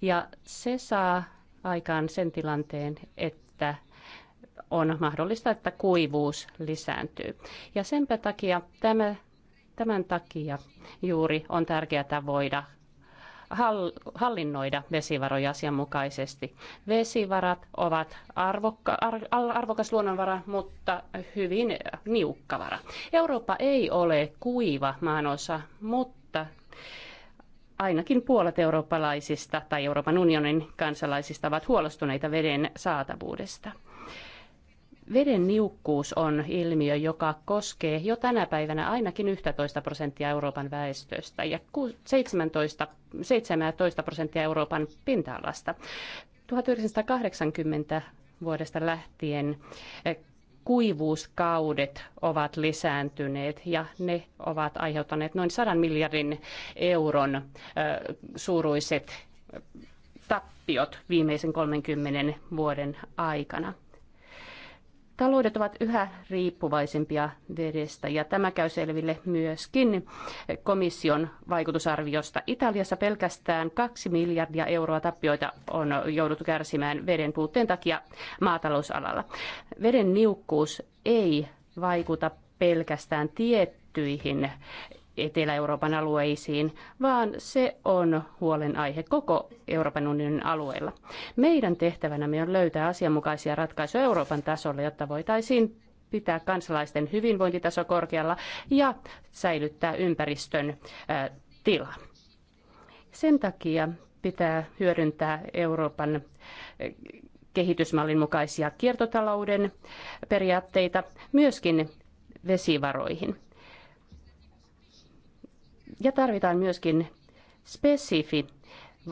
Speaker 6: Ja se saa aikaan sen tilanteen, että on mahdollista, että kuivuus lisääntyy. Ja senpä takia tämä, tämän takia juuri on tärkeää voida hallinnoida vesivaroja asianmukaisesti. Vesivarat ovat arvokka, arvokas luonnonvara, mutta hyvin niukka vara. Eurooppa ei ole kuiva maanosa, mutta ainakin puolet eurooppalaisista tai Euroopan unionin kansalaisista ovat huolestuneita veden saatavuudesta. Veden niukkuus on ilmiö, joka koskee jo tänä päivänä ainakin 11 prosenttia Euroopan väestöstä ja 17, 17 prosenttia Euroopan pinta-alasta. 1980 vuodesta lähtien eh, kuivuuskaudet ovat lisääntyneet ja ne ovat aiheuttaneet noin 100 miljardin euron eh, suuruiset eh, tappiot viimeisen 30 vuoden aikana. Taloudet ovat yhä riippuvaisempia vedestä ja tämä käy selville myöskin komission vaikutusarviosta. Italiassa pelkästään 2 miljardia euroa tappioita on jouduttu kärsimään veden puutteen takia maatalousalalla. Veden niukkuus ei vaikuta pelkästään tiettyihin Etelä-Euroopan alueisiin, vaan se on huolenaihe koko Euroopan unionin alueella. Meidän tehtävänämme on löytää asianmukaisia ratkaisuja Euroopan tasolla, jotta voitaisiin pitää kansalaisten hyvinvointitaso korkealla ja säilyttää ympäristön tila. Sen takia pitää hyödyntää Euroopan kehitysmallin mukaisia kiertotalouden periaatteita myöskin vesivaroihin. Ja tarvitaan myöskin spesifi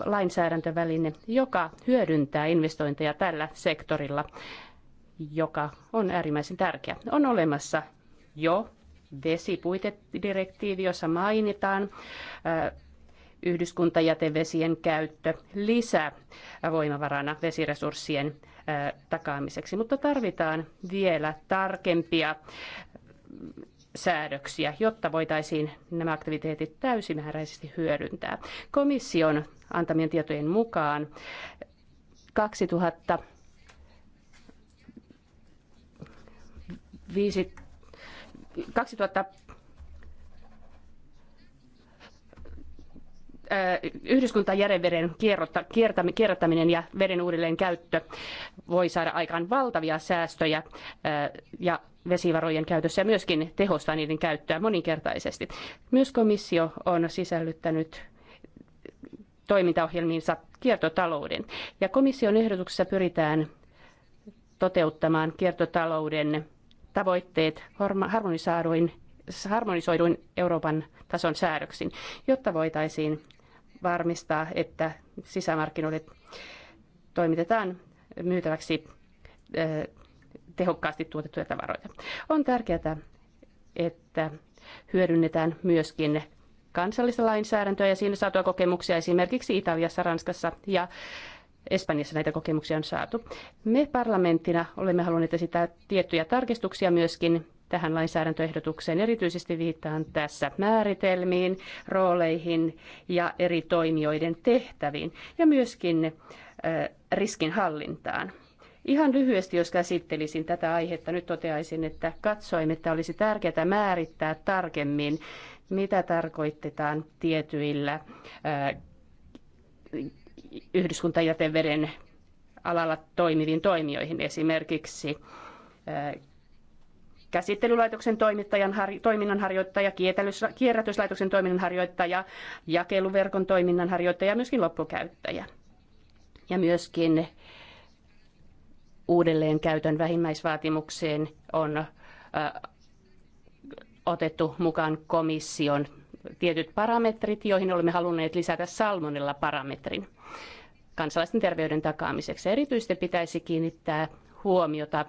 Speaker 6: lainsäädäntöväline, joka hyödyntää investointeja tällä sektorilla, joka on äärimmäisen tärkeä. On olemassa jo vesipuitedirektiivi, jossa mainitaan äh, yhdyskuntajätevesien käyttö lisävoimavarana vesiresurssien äh, takaamiseksi, mutta tarvitaan vielä tarkempia säädöksiä, jotta voitaisiin nämä aktiviteetit täysimääräisesti hyödyntää. Komission antamien tietojen mukaan 2000 2000 yhdyskuntajärjeveden kierrättäminen ja veden uudelleen käyttö voi saada aikaan valtavia säästöjä ja vesivarojen käytössä ja myöskin tehostaa niiden käyttöä moninkertaisesti. Myös komissio on sisällyttänyt toimintaohjelmiinsa kiertotalouden. Ja komission ehdotuksessa pyritään toteuttamaan kiertotalouden tavoitteet harmonisoiduin Euroopan tason säädöksin, jotta voitaisiin varmistaa, että sisämarkkinoille toimitetaan myytäväksi tehokkaasti tuotettuja tavaroita. On tärkeää, että hyödynnetään myöskin kansallista lainsäädäntöä ja siinä saatua kokemuksia esimerkiksi Italiassa, Ranskassa ja Espanjassa näitä kokemuksia on saatu. Me parlamenttina olemme halunneet esittää tiettyjä tarkistuksia myöskin tähän lainsäädäntöehdotukseen. Erityisesti viittaan tässä määritelmiin, rooleihin ja eri toimijoiden tehtäviin ja myöskin riskinhallintaan. Ihan lyhyesti, jos käsittelisin tätä aihetta, nyt toteaisin, että katsoimme, että olisi tärkeää määrittää tarkemmin, mitä tarkoitetaan tietyillä yhdyskuntajäteveden alalla toimiviin toimijoihin, esimerkiksi käsittelylaitoksen toimittajan, toiminnanharjoittaja, kierrätyslaitoksen toiminnanharjoittaja, jakeluverkon toiminnanharjoittaja ja myöskin loppukäyttäjä. Ja myöskin uudelleenkäytön vähimmäisvaatimukseen on otettu mukaan komission tietyt parametrit, joihin olemme halunneet lisätä salmonella parametrin kansalaisten terveyden takaamiseksi. Erityisesti pitäisi kiinnittää huomiota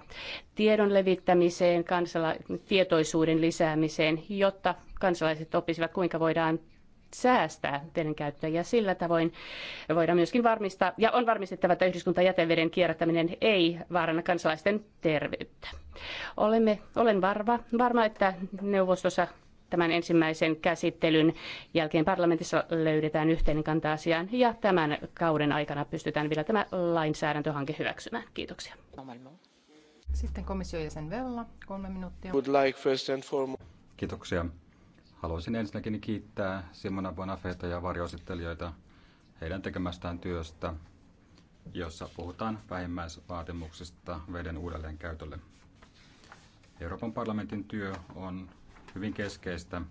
Speaker 6: tiedon levittämiseen, kansala- tietoisuuden lisäämiseen, jotta kansalaiset oppisivat, kuinka voidaan säästää veden käyttöä ja sillä tavoin voidaan myöskin varmistaa ja on varmistettava, että yhdyskuntajäteveden kierrättäminen ei vaaranna kansalaisten terveyttä. Olemme, olen varma, varma, että neuvostossa tämän ensimmäisen käsittelyn jälkeen parlamentissa löydetään yhteinen kanta asiaan ja tämän kauden aikana pystytään vielä tämä lainsäädäntöhanke hyväksymään. Kiitoksia. Sitten komission jäsen Vella, kolme minuuttia.
Speaker 7: Would like first and
Speaker 5: foremost. Kiitoksia. Haluaisin ensinnäkin kiittää Simona Bonafeta ja varjoesittelijöitä heidän tekemästään työstä, jossa puhutaan vähimmäisvaatimuksista veden uudelleenkäytölle. Euroopan parlamentin työ on hyvin keskeistä,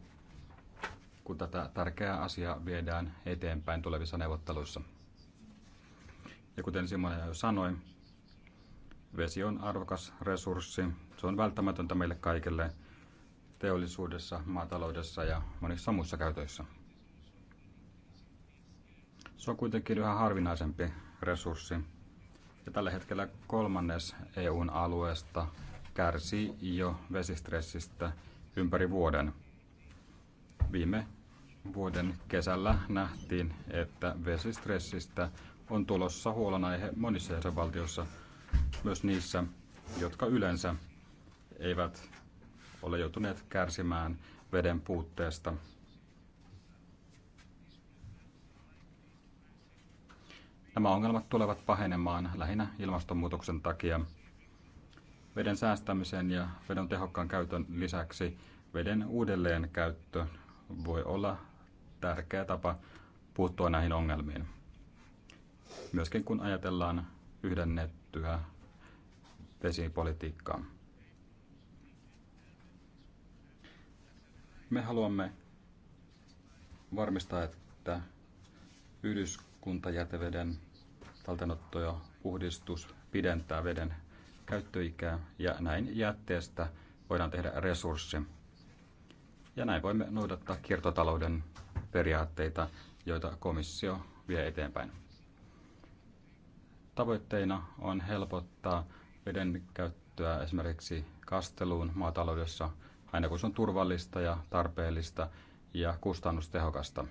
Speaker 5: kun tätä tärkeää asiaa viedään eteenpäin tulevissa neuvotteluissa. Ja kuten Simon jo sanoi, vesi on arvokas resurssi. Se on välttämätöntä meille kaikille teollisuudessa, maataloudessa ja monissa muissa käytöissä. Se on kuitenkin yhä harvinaisempi resurssi. Ja tällä hetkellä kolmannes EUn alueesta kärsii jo vesistressistä ympäri vuoden. Viime vuoden kesällä nähtiin, että vesistressistä on tulossa huolenaihe monissa jäsenvaltioissa, myös niissä, jotka yleensä eivät ole joutuneet kärsimään veden puutteesta. Nämä ongelmat tulevat pahenemaan lähinnä ilmastonmuutoksen takia – Veden säästämisen ja veden tehokkaan käytön lisäksi veden uudelleenkäyttö voi olla tärkeä tapa puuttua näihin ongelmiin. Myöskin kun ajatellaan yhdennettyä vesipolitiikkaa. Me haluamme varmistaa, että yhdyskuntajäteveden talteenotto ja puhdistus pidentää veden käyttöikää ja näin jätteestä voidaan tehdä resurssi. Ja näin voimme noudattaa kiertotalouden periaatteita, joita komissio vie eteenpäin. Tavoitteena on helpottaa veden käyttöä esimerkiksi kasteluun maataloudessa aina kun se on turvallista ja tarpeellista ja kustannustehokasta.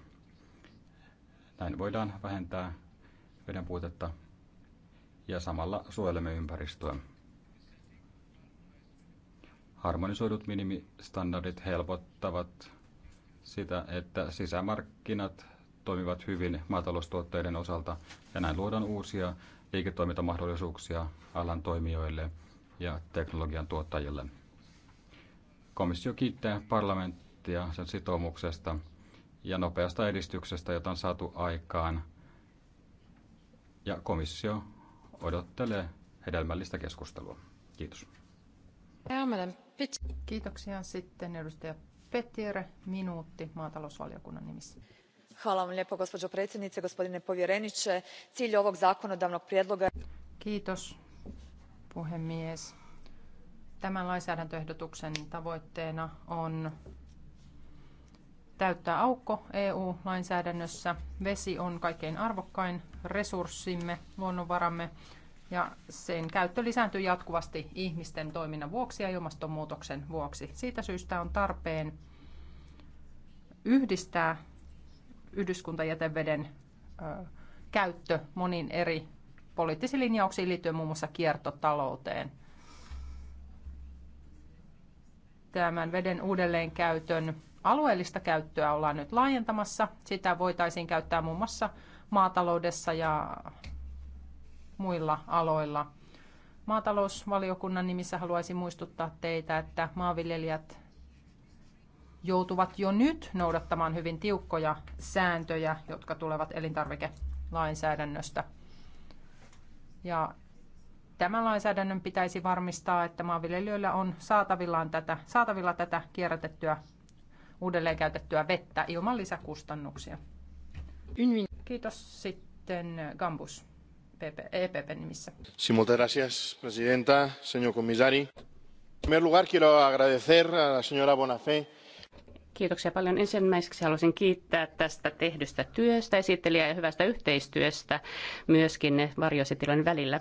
Speaker 5: Näin voidaan vähentää veden puutetta ja samalla suojelemme ympäristöä. Harmonisoidut minimistandardit helpottavat sitä, että sisämarkkinat toimivat hyvin maataloustuotteiden osalta ja näin luodaan uusia liiketoimintamahdollisuuksia alan toimijoille ja teknologian tuottajille. Komissio kiittää parlamenttia sen sitoumuksesta ja nopeasta edistyksestä, jota on saatu aikaan. Ja komissio odottelee hedelmällistä keskustelua. Kiitos.
Speaker 3: Ja, Kiitoksia sitten edustaja Petiere, minuutti maatalousvaliokunnan nimissä
Speaker 1: gospođo predsjednice gospodine povjereniče cilj ovog zakonodavnog prijedloga. kiitos
Speaker 3: puhemies tämän lainsäädäntöehdotuksen tavoitteena on täyttää aukko eu lainsäädännössä. vesi on kaikkein arvokkain resurssimme luonnonvaramme ja sen käyttö lisääntyy jatkuvasti ihmisten toiminnan vuoksi ja ilmastonmuutoksen vuoksi. Siitä syystä on tarpeen yhdistää yhdyskuntajäteveden käyttö monin eri poliittisiin linjauksiin liittyen muun muassa kiertotalouteen. Tämän veden uudelleenkäytön alueellista käyttöä ollaan nyt laajentamassa. Sitä voitaisiin käyttää muun muassa maataloudessa ja muilla aloilla. Maatalousvaliokunnan nimissä haluaisin muistuttaa teitä, että maanviljelijät joutuvat jo nyt noudattamaan hyvin tiukkoja sääntöjä, jotka tulevat elintarvikelainsäädännöstä. Ja tämän lainsäädännön pitäisi varmistaa, että maanviljelijöillä on saatavillaan tätä, saatavilla tätä kierrätettyä käytettyä vettä ilman lisäkustannuksia. Kiitos sitten Gambus. EPP e nimissä.
Speaker 5: Sí, muchas gracias, presidenta, señor comisari. En lugar quiero agradecer a la señora
Speaker 6: Bonafé Kiitoksia paljon. Ensimmäiseksi haluaisin kiittää tästä tehdystä työstä, esittelijää ja hyvästä yhteistyöstä myöskin varjoesitilojen välillä.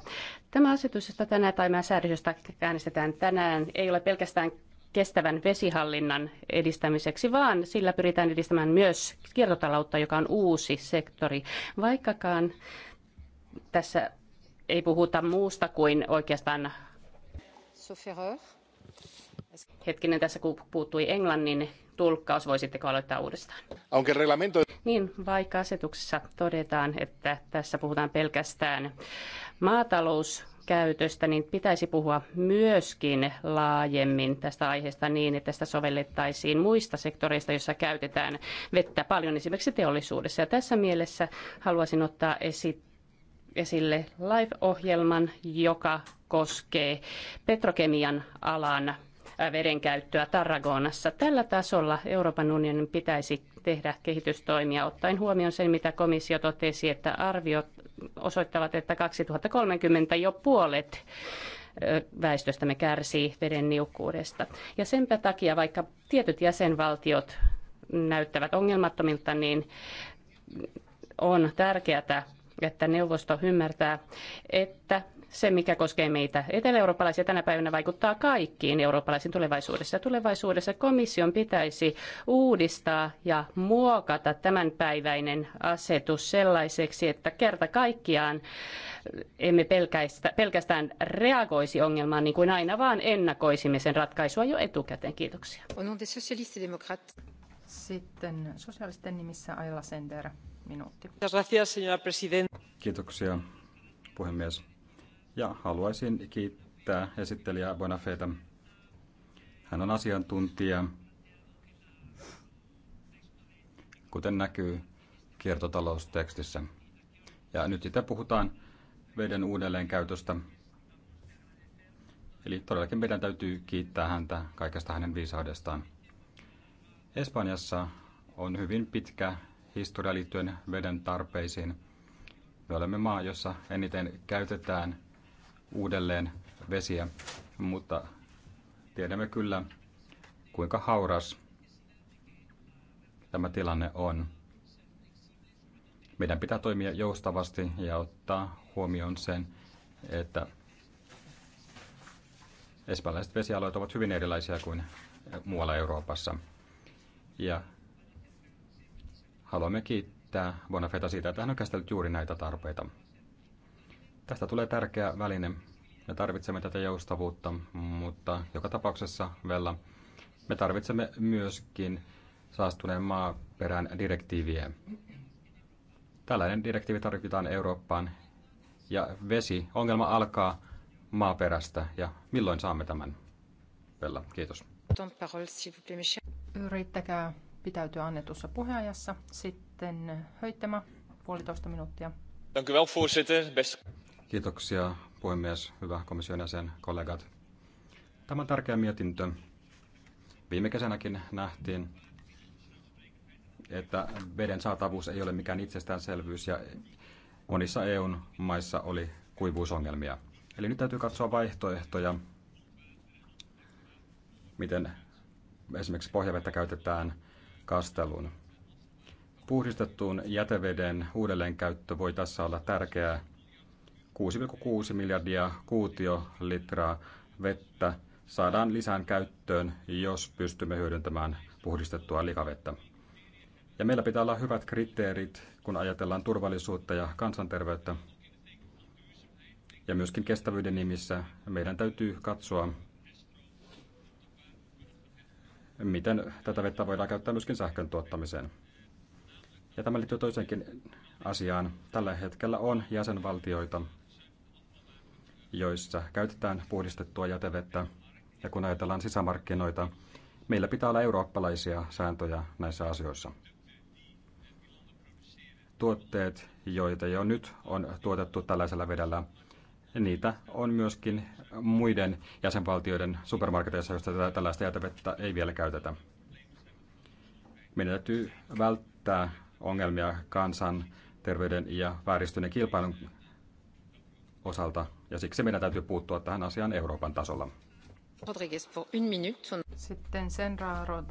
Speaker 6: Tämä asetus, josta tänään tai mä säädösjosta äänestetään tänään, ei ole pelkästään kestävän vesihallinnan edistämiseksi, vaan sillä pyritään edistämään myös kiertotaloutta, joka on uusi sektori. Vaikkakaan tässä ei puhuta muusta kuin oikeastaan... Hetkinen, tässä kun puuttui englannin tulkkaus, voisitteko aloittaa uudestaan? reglamento... Niin, vaikka asetuksessa todetaan, että tässä puhutaan pelkästään maatalouskäytöstä, niin pitäisi puhua myöskin laajemmin tästä aiheesta niin, että sitä sovellettaisiin muista sektoreista, joissa käytetään vettä paljon, esimerkiksi teollisuudessa. Ja tässä mielessä haluaisin ottaa esit esille live-ohjelman, joka koskee petrokemian alan äh, vedenkäyttöä Tarragonassa. Tällä tasolla Euroopan unionin pitäisi tehdä kehitystoimia ottaen huomioon sen, mitä komissio totesi, että arviot osoittavat, että 2030 jo puolet väestöstämme kärsii veden niukkuudesta. Ja senpä takia, vaikka tietyt jäsenvaltiot näyttävät ongelmattomilta, niin on tärkeää että neuvosto ymmärtää, että se, mikä koskee meitä etelä-eurooppalaisia tänä päivänä, vaikuttaa kaikkiin eurooppalaisiin tulevaisuudessa. Tulevaisuudessa komission pitäisi uudistaa ja muokata tämänpäiväinen asetus sellaiseksi, että kerta kaikkiaan emme pelkästään, reagoisi ongelmaan niin kuin aina, vaan ennakoisimme sen ratkaisua jo etukäteen. Kiitoksia.
Speaker 3: Sitten sosialisten nimissä Aila Sender
Speaker 5: minuutti. Kiitoksia, puhemies. Ja haluaisin kiittää esittelijää Bonafeita. Hän on asiantuntija, kuten näkyy kiertotaloustekstissä. Ja nyt sitä puhutaan veden uudelleenkäytöstä. Eli todellakin meidän täytyy kiittää häntä kaikesta hänen viisaudestaan. Espanjassa on hyvin pitkä historia liittyen veden tarpeisiin. Me olemme maa, jossa eniten käytetään uudelleen vesiä, mutta tiedämme kyllä, kuinka hauras tämä tilanne on. Meidän pitää toimia joustavasti ja ottaa huomioon sen, että espanjalaiset vesialueet ovat hyvin erilaisia kuin muualla Euroopassa. Ja Haluamme kiittää Bonafeta siitä, että hän on käsitellyt juuri näitä tarpeita. Tästä tulee tärkeä väline. Me tarvitsemme tätä joustavuutta, mutta joka tapauksessa, Vella, me tarvitsemme myöskin saastuneen maaperän direktiiviä. Tällainen direktiivi tarvitaan Eurooppaan ja vesi, ongelma alkaa maaperästä ja milloin saamme tämän? Vella, kiitos.
Speaker 3: Yrittäkää pitäytyä annetussa puheajassa. Sitten Höittämä, puolitoista minuuttia.
Speaker 5: Kiitoksia puhemies, hyvä komission jäsen, kollegat. Tämä on tärkeä mietintö. Viime kesänäkin nähtiin, että veden saatavuus ei ole mikään itsestäänselvyys ja monissa EUn maissa oli kuivuusongelmia. Eli nyt täytyy katsoa vaihtoehtoja, miten esimerkiksi pohjavettä käytetään Kastelun Puhdistettuun jäteveden uudelleenkäyttö voi tässä olla tärkeää. 6,6 miljardia kuutiolitraa vettä saadaan lisään käyttöön, jos pystymme hyödyntämään puhdistettua likavettä. Ja meillä pitää olla hyvät kriteerit, kun ajatellaan turvallisuutta ja kansanterveyttä. Ja myöskin kestävyyden nimissä meidän täytyy katsoa, miten tätä vettä voidaan käyttää myöskin sähkön tuottamiseen. Ja tämä liittyy toisenkin asiaan. Tällä hetkellä on jäsenvaltioita, joissa käytetään puhdistettua jätevettä. Ja kun ajatellaan sisämarkkinoita, meillä pitää olla eurooppalaisia sääntöjä näissä asioissa. Tuotteet, joita jo nyt on tuotettu tällaisella vedellä, niitä on myöskin muiden jäsenvaltioiden supermarketeissa, joista tällaista jätevettä ei vielä käytetä. Meidän täytyy välttää ongelmia kansan terveyden ja vääristyneen kilpailun osalta, ja siksi meidän täytyy puuttua tähän asiaan Euroopan tasolla.
Speaker 3: Sitten Senra